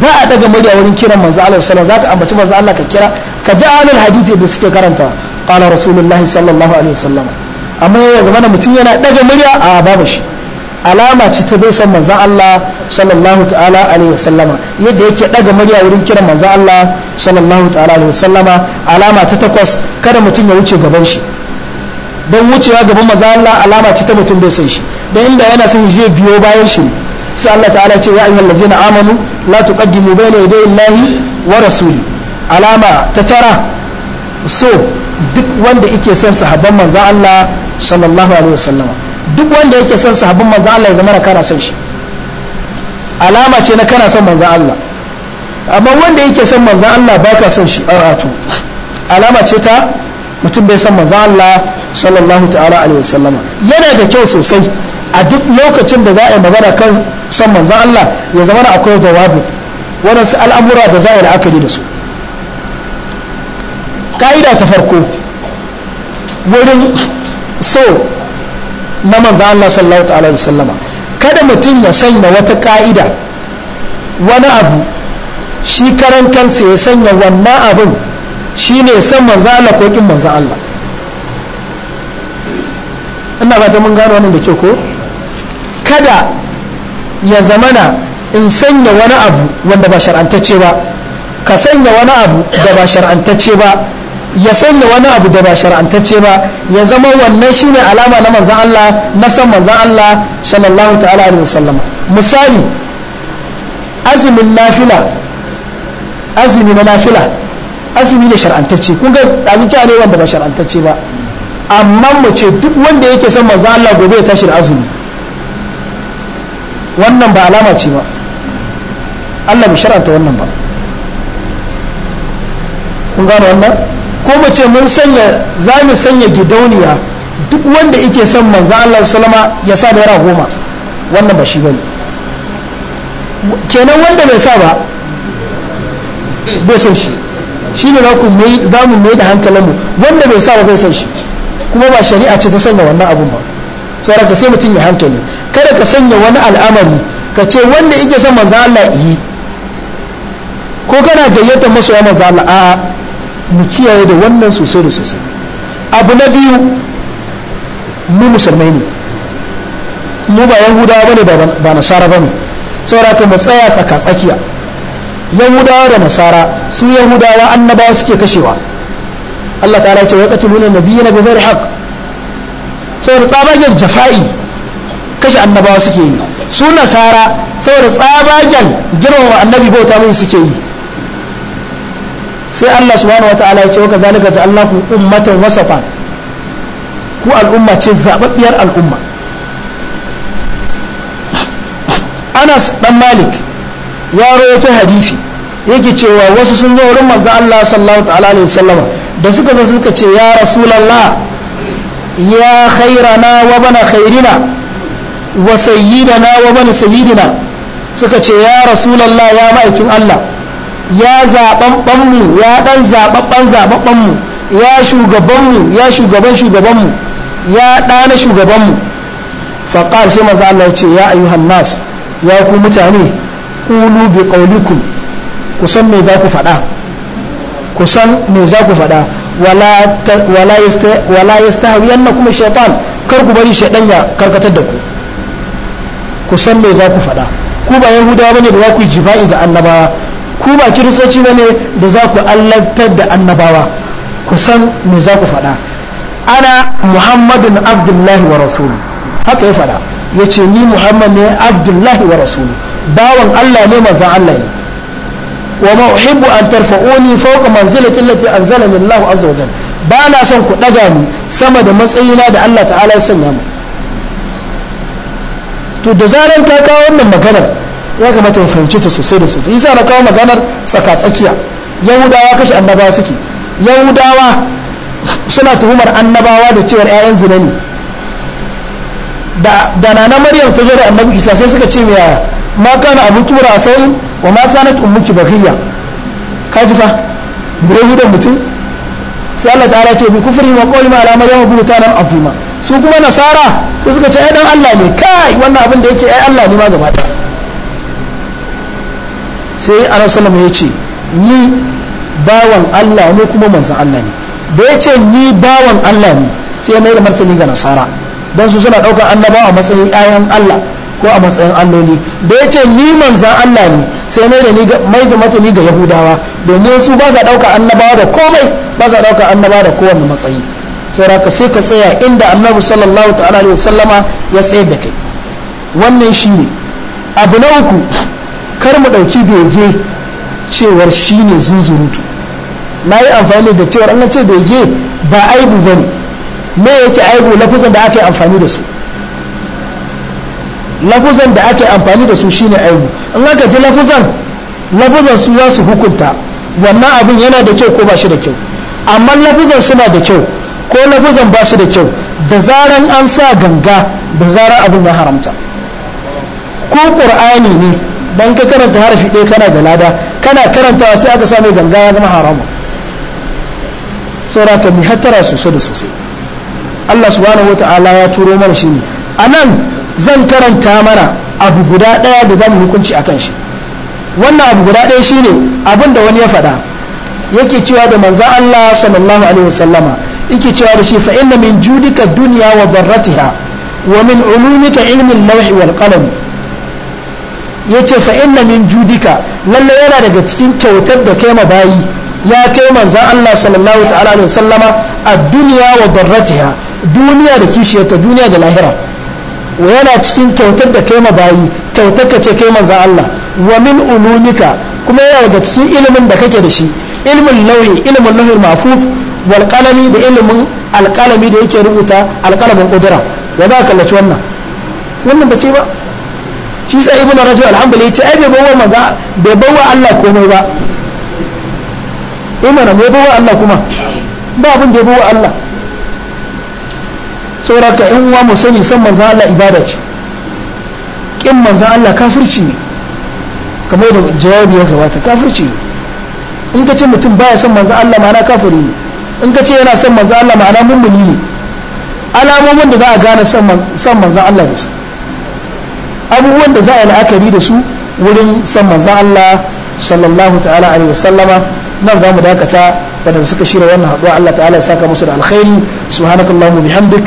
ba a daga murya wurin kiran manzo Allah sallallahu alaihi wasallam zaka ambaci manzo Allah ka kira ka ji alal hadisi da suke karanta qala rasulullahi sallallahu alaihi wasallam amma ya zama da mutum yana daga murya a babu shi alama ce ta bai san manzo Allah sallallahu ta'ala alaihi wasallama yadda yake daga murya wurin kiran manzo Allah sallallahu ta'ala alaihi wasallama alama ta takwas kada mutum ya wuce gaban shi don wucewa gaban manzo Allah alama ce ta mutum bai san shi don inda yana son je biyo bayan shi ne sai Allah ta'ala ce ya ayyuhal ladzina amanu la tuqaddimu bayna yaday Allahi wa rasuli alama ta tara so duk wanda yake son sahabban manzon Allah sallallahu alaihi wasallama duk wanda yake son sahabban manzon Allah ya zama kana son shi alama ce na kana son manzon Allah amma wanda yake son manzon Allah baka son shi a alama ce ta mutum bai san manzo Allah sallallahu ta'ala alaihi wasallam yana da kyau sosai a duk lokacin da za a yi magana kan san manzo Allah ya zama da akwai dawabi waɗansu al'amura da za a yi la'akari da su ka'ida ta farko wurin so na manzo Allah sallallahu ta'ala alaihi wasallam kada mutum ya sanya wata ka'ida wani abu shi karan kansa ya sanya wannan abin Shi shine san manzo Allah ko kin manzo Allah ina ba ta mun gano wannan da ke ko kada ya zamana in sanya wani abu wanda ba shar'antacce ba ka sanya wani abu da ba shar'antacce ba ya sanya wani abu da ba shar'antacce ba ya zama wannan shine alama na manzan Allah na san manzan Allah sallallahu ta'ala alaihi wasallam misali azumin nafila azumi na nafila azumi ne shar'antacce kun ga dazu ta ne wanda ba shar'antacce ba amma mu ce duk wanda yake son manzo Allah gobe ya tashi da azumi wannan ba alama ce ba Allah bai shar'anta wannan ba kun gane wannan ko mu ce mun sanya za mu sanya gidauniya duk wanda yake son manzo Allah sallama ya sa da yara goma wannan ba shi bane kenan wanda bai sa ba bai san shi shi ne za mu mai da hankalinmu wanda bai sa ba bai san shi kuma ba shari'a ce ta sanya wannan abun ba ka sai mutum ya hankali kada ka sanya wani al'amari ka ce wanda ike son manzo Allah yi ko kana gayyatar masoya manzo Allah a mu kiyaye da wannan sosai da sosai abu na biyu mu musulmai ne mu ba yahudawa bane ba nasara ne saboda ka mu tsaya tsaka tsakiya yahudawa da nasara su yahudawa annabawa suke kashewa Allah ta ce wai katuluna nabiyina bi ghairi haqq saboda tsabagen jafa'i kashe annabawa suke yi su nasara saboda tsabagen girmama annabi bauta mun suke yi sai Allah subhanahu wataala ya ce wa kazalika ja'alnakum ummatan wasatan ku al'umma ce zababbiyar al'umma Anas dan Malik ya rawaito hadisi yake cewa wasu sun zo wurin manzo Allah sallallahu ta'ala alaihi wasallama da suka zo suka ce ya rasulullah ya khairana wa bana khairina wa sayyidana wa bana sayyidina suka ce ya rasulullah ya ma'aikin Allah ya zaɓaɓɓen mu ya ɗan zaɓaɓɓen zaɓaɓɓen mu ya shugaban mu ya shugaban shugaban mu ya ɗana shugaban mu faƙar sai maza Allah ya ce ya ayyuhan nas ya ku mutane kulu bi qawlikum ku san me za ku faɗa ku san me za ku faɗa wala yastahawiyannakum shaytan kar ku bari shaytan ya karkatar da ku ku san me za ku faɗa ku ba yahudawa bane da za ku jibai da ga annabawa ku ba kiristoci bane da za ku allantar da annabawa ku san me za ku faɗa ana muhammadun abdullahi wa rasulu haka ya faɗa ya ce ni muhammad ne abdullahi wa rasulu bawan Allah ne manzan Allah ne wa ma uhibbu an tarfa'uni fawqa manzilati allati anzalani Allah azza wa jalla ba na son ku daga ni sama da matsayina da Allah ta'ala ya sanya mu to da zaran ka kawo wannan maganar ya kamata mu fahimci ta sosai da sosai yasa na kawo maganar saka tsakiya yahudawa kashe annabawa suke yahudawa suna tuhumar annabawa da cewar 'ya'yan zina ne da nana maryam ta zo da annabi isa sai suka ce miya ma kana abu tura sau'in wa ma kana ummuki bakiya ka ji fa bai da mutum sai Allah ta'ala ce bi kufri wa qawli ma ala maryam butanan azima su kuma nasara sai suka ce ai dan Allah ne kai wannan abin da yake ai Allah ne ma gaba ta sai Annabi sallallahu ya ce ni bawan Allah ne kuma manzon Allah ne da ya ce ni bawan Allah ne sai ya mai da martani ga nasara don su suna ɗaukar annaba a matsayin 'ya'yan Allah ko a matsayin alloli da ya ce ni manzan Allah ne sai mai da mai da matsayi ga yahudawa domin su ba za ɗaukar annabawa da komai ba za ɗaukar annabawa da kowane matsayi saboda sai ka tsaya inda annabi sallallahu ta'ala alaihi wasallama ya tsaye da kai wannan shine abu na uku kar mu ɗauki bege cewar shine zunzurutu na yi amfani da cewar an ce bege ba aibu ba ne me yake aibu lafuzan da ake amfani da su lafuzan da ake amfani da su shine aibu in aka ji lafuzan lafuzan su za su hukunta wannan abin yana da kyau ko ba shi da kyau amma lafuzan suna da kyau ko lafuzan ba su da kyau da zaran an sa ganga da zaran abin ya haramta ko qur'ani ne dan ka karanta harafi ɗaya kana da lada kana karantawa sai aka samu ganga ya zama haramun sauraka mai hattara sosai da sosai Allah subhanahu wata'ala ya turo mana shi ne a nan zan karanta mana abu guda ɗaya da zamu hukunci a kan shi wannan abu guda ɗaya shi ne abin da wani ya faɗa yake cewa da manza Allah sallallahu alaihi wasallama yake cewa da shi fa inna min judika duniya wa darratiha wa min ulumika ilmin lawhi wal qalam ya ce fa inna min judika lalle yana daga cikin kyautar da kai bayi ya kai manzan Allah sallallahu ta'ala alaihi sallama a duniya wa darratiha duniya da kishiyarta duniya da lahira wa yana cikin kyautar da kai bayi kyautar ka ce kai manza Allah wa min ulumika kuma yana daga cikin ilimin da kake da shi ilimin lauyi ilimin lauhin mafuf wal qalami da ilimin alqalami da yake rubuta alqalamin qudra ya za ka kallaci wannan wannan bace ba shi sa ibnu rajul alhamdulillah yace ai bai bawa manza bai bawa Allah komai ba imana bai bawa Allah kuma ba abin da ya bawa Allah sauraka in wa mu sani san manzan Allah ibada ce kin manzan Allah kafirci ne kamar da jawabi ya gabata kafirci ne in ka ce mutum baya son manzan Allah ma'ana kafiri ne in ka ce yana son manzan Allah ma'ana mummuni ne alamomin da za a gane son manzan Allah da su abubuwan da za a yi la'akari da su wurin son manzan Allah sallallahu ta'ala alaihi wasallama nan za mu dakata wadanda suka shirya wannan haɗuwa Allah ta'ala ya saka musu da alkhairi subhanakallahumma bihamdik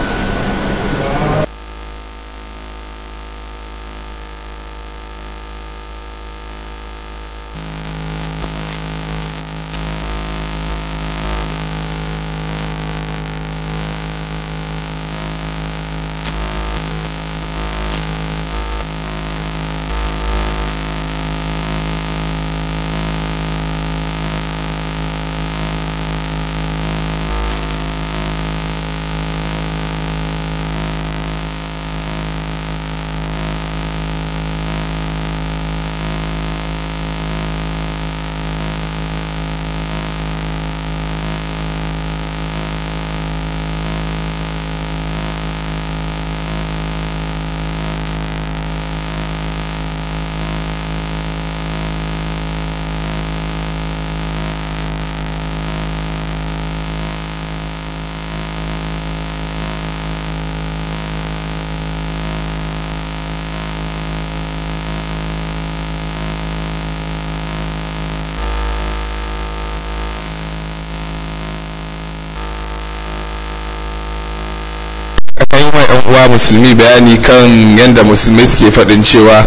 musulmi bayani kan yadda musulmi suke faɗin cewa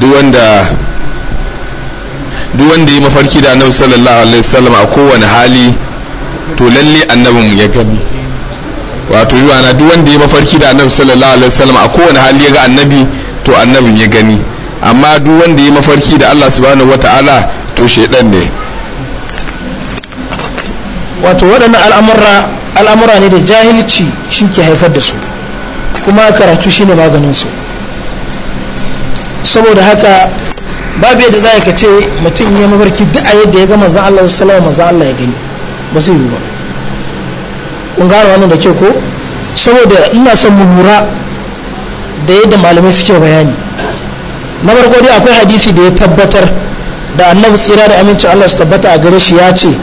duk wanda ya mafarki da annabi sallallahu alaihi wasallam a kowane hali to lalle annabin ya gani wato yi na duk wanda ya mafarki da annabi sallallahu alaihi wasallam a kowane hali ya ga annabi to annabin ya gani amma duk wanda ya mafarki da Allah subhanahu wata'ala to shaidan ne wato waɗannan al'amura ne da jahilci shi ke haifar da su kuma karatu shine maganin su saboda haka babu yadda za ka ce mutum ya mafarki duk a yadda ya ga manzan Allah wasu salama manzan Allah ya gani ba su yi ba kun wani da ke ko saboda ina son mu lura da yadda malamai suke bayani na farko dai akwai hadisi da ya tabbatar da annabi tsira da amincin Allah su tabbata a gare shi ya ce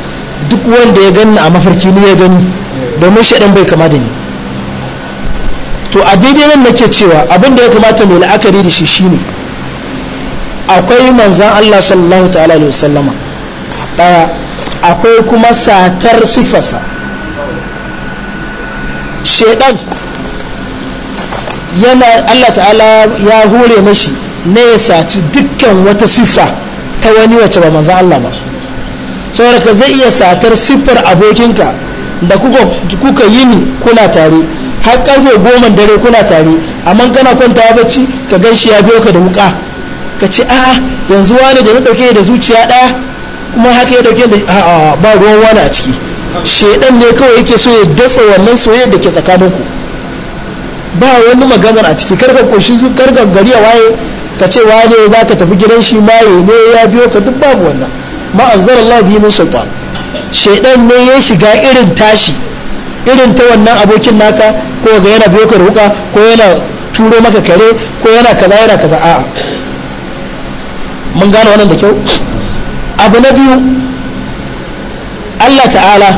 duk wanda ya gani a mafarki ni ya gani domin shaɗan bai kama da ni to a daidai nan nake cewa abin da ya kamata mai la'akari da shi shine akwai manzan Allah sallallahu ta'ala da wasallama daya akwai kuma satar sifasa shaidan yana Allah ta'ala ya hore mashi na ya saci dukkan wata sifa ta wani wace ba manzan Allah ba saboda ka zai iya satar siffar abokinka da kuka yi ni kuna tare har karfe goma dare kuna tare amma kana kwantawa bacci ka gan shi ya biyo ka da wuka ka ce a'a yanzu wani da na dauke da zuciya daya kuma haka ya dauke da a'a ba ruwan wani a ciki shedan ne kawai yake so ya dasa wannan soyayyar da ke tsakaninku ba wani maganar a ciki karka koshi karka gari a waye ka ce wane za ka tafi gidan shi ya ne ya biyo ka duk babu wannan ma'an zarar Allah bi min shedan ne ya shiga irin tashi irin ta wannan abokin naka ko ga yana biyo ka ruka ko yana turo maka kare ko yana kaza yana kaza a'a mun gane wannan da kyau abu na biyu Allah ta'ala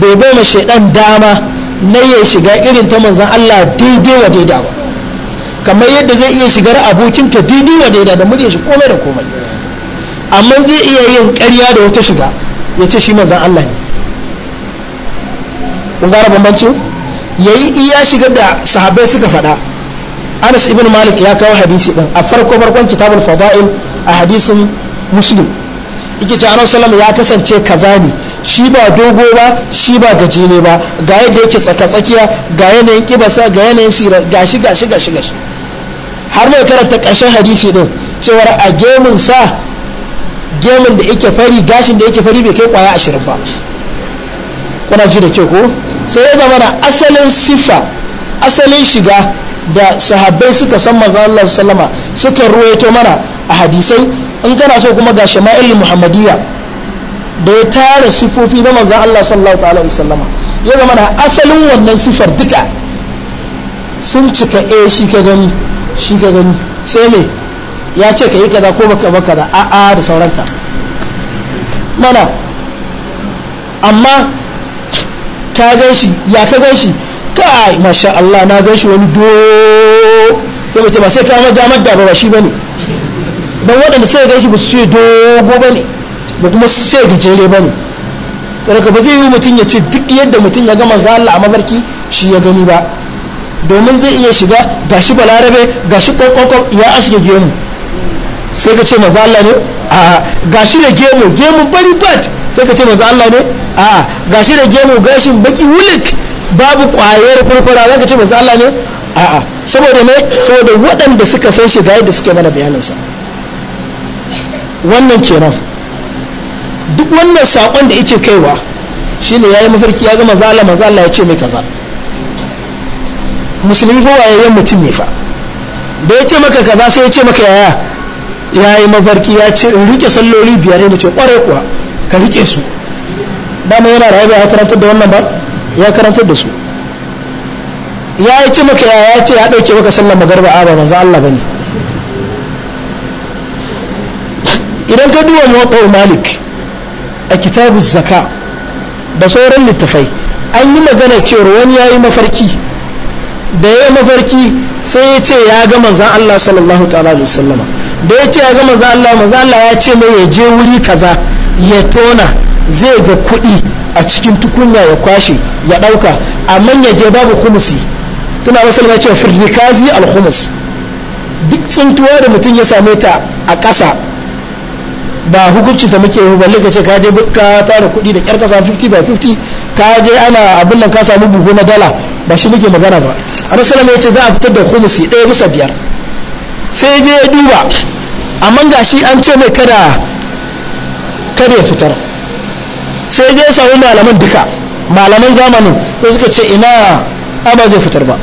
bai bai ma shaidan dama na ya shiga irin ta manzan Allah daidai wa daida ba kamar yadda zai iya shigar abokin ta daidai wa daida da murya shi komai da komai amma zai iya yin ƙarya da wata shiga ya ce shi manzan Allah ne kun gara bambancin yayi iya shigar da sahabbai suka faɗa Anas ibn Malik ya kawo hadisi din a farko farkon kitabul fada'il a hadisin Muslim yake ce sallallahu ya kasance kaza ne shi ba dogo ba shi ba ne ba ga yadda yake tsaka tsakiya ga yanayin kibasa ga yanayin sira gashi gashi gashi gashi har mai karanta ƙarshen hadisi din cewar a gemun sa gemun da yake fari gashin da yake fari bai kai kwaya ashirin ba kuna ji da ke ko sai ya zama da asalin sifa asalin shiga da sahabbai suka san maza Allah sallama suka ruwaito mana a hadisai in kana so kuma ga shama'il muhammadiyya da ya tara sifofi na manzo Allah sallallahu ta'ala wa sallama ya zama da asalin wannan sifar duka sun cika eh shi ka gani shi ka gani sai me ya ce ka yi kaza ko baka baka da a'a da sauranta mana amma ka gan shi ya ka gan shi kai masha Allah na gan shi wani do sai mace ba sai ka ma damar da ba shi bane dan waɗanda sai gan shi ba su ce dogo bane ba kuma su ce gajere bane daga ba zai yi mutum ya ce duk yadda mutum ya gama za Allah a mafarki shi ya gani ba domin zai iya shiga gashi balarabe gashi kwakwakwa ya aske gemu sai ka ce maza Allah ne a gashi da gemu gemu bari bat sai ka ce manzo Allah ne a gashi da gemu gashin baki wulik babu kwayar furfura za ka ce manzo Allah ne a'a saboda ne saboda waɗanda suka san shi ga yadda suke mana bayaninsa wannan kenan duk wannan saƙon da yake kaiwa shine yayi mafarki ya ga manzo Allah manzo Allah ya ce mai kaza musulmi fa wayayyen mutum ne fa da ya ce maka kaza sai ya ce maka yaya ya yi mafarki ya ce in rike salloli biyar ne ce kwarai kuwa ka rike su mai yana rayu ya karantar da wannan ba ya karantar da su ya yi ce maka ya ce ya ɗauke maka sallar magarba a ba manzo Allah bane idan ka duba muwaqqa'u malik a kitabu zaka da sauran littafai an yi magana cewar wani ya yi mafarki da ya yi mafarki sai ya ce ya ga manzan Allah sallallahu ta'ala da da ya ce ya ga manzan Allah manzan Allah ya ce mai ya je wuri kaza ya tona zai ga kuɗi a cikin tukunya ya kwashe ya ɗauka a ya je babu humusi tana wasu ya ce firrikazi alhumus duk tsintuwa da mutum ya same ta a ƙasa ba hukuncin ta muke balle ka ce ka je ka tara kuɗi da ƙyar 50 by 50 ka je ana abin nan ka samu buhu na dala ba shi muke magana ba a salama ya ce za a fitar da humusi ɗaya bisa biyar sai je ya duba amma ga shi an ce mai kada kada ya fitar sai dai samu malaman duka malaman zamanin ko suka ce ina ba zai fitar ba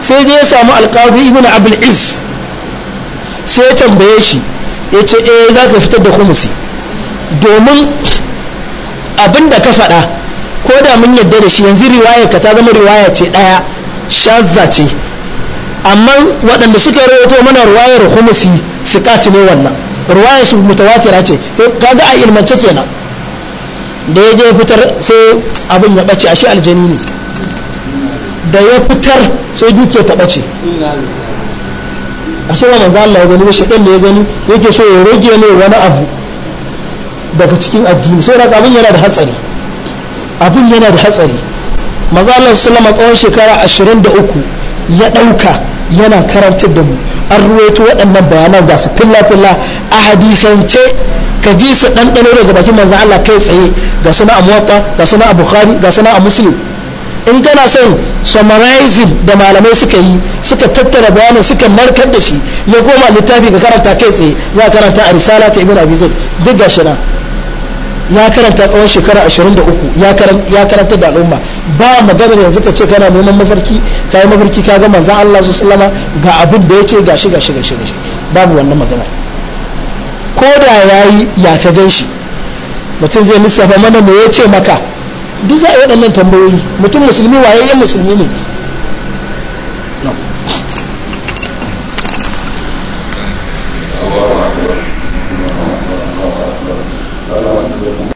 sai dai samu alƙadi ibn abul is sai ya tambaye shi ya ce eh za ka fitar da kumusi domin abin da ka faɗa ko da mun yadda da shi yanzu riwaya ka ta zama riwaya ce ɗaya shazza ce amma waɗanda suka rawato mana ruwayar humusi su kaci ne wannan ruwaya su mutawatira ce kaga a ilmance kenan da ya je fitar sai abin ya bace ashe aljani ne da ya fitar sai duke ta bace a ba manzo Allah ya gani shi dan da ya gani yake so ya rage ne wani abu daga cikin addini sai raka abin yana da hatsari abin yana da hatsari manzo Allah sallallahu alaihi wasallam tsawon shekara 23 ya dauka yana karantar da mu an ruwaito waɗannan bayanan ga su fila fila a hadisance ka ji su ɗanɗano daga bakin manzan Allah kai tsaye ga suna a muwatta ga suna a bukhari ga suna a muslim in kana son summarizing da malamai suka yi suka tattara bayanin suka markar da shi ya koma littafi ga karanta kai tsaye za karanta a risala ta ibn abi duk ga shi ya karanta tsawon shekara 23 ya karanta da al'umma ba maganar yanzu ka ce kana neman mafarki ka yi mafarki ka ga manzan Allah su sallama ga abin da ya ce ga shiga shiga shi babu wannan magana. ko da ya yi ya ta gan shi mutum zai lissafa mana me ya ce maka duk za a yi waɗannan tambayoyi mutum musulmi waye musulmi ne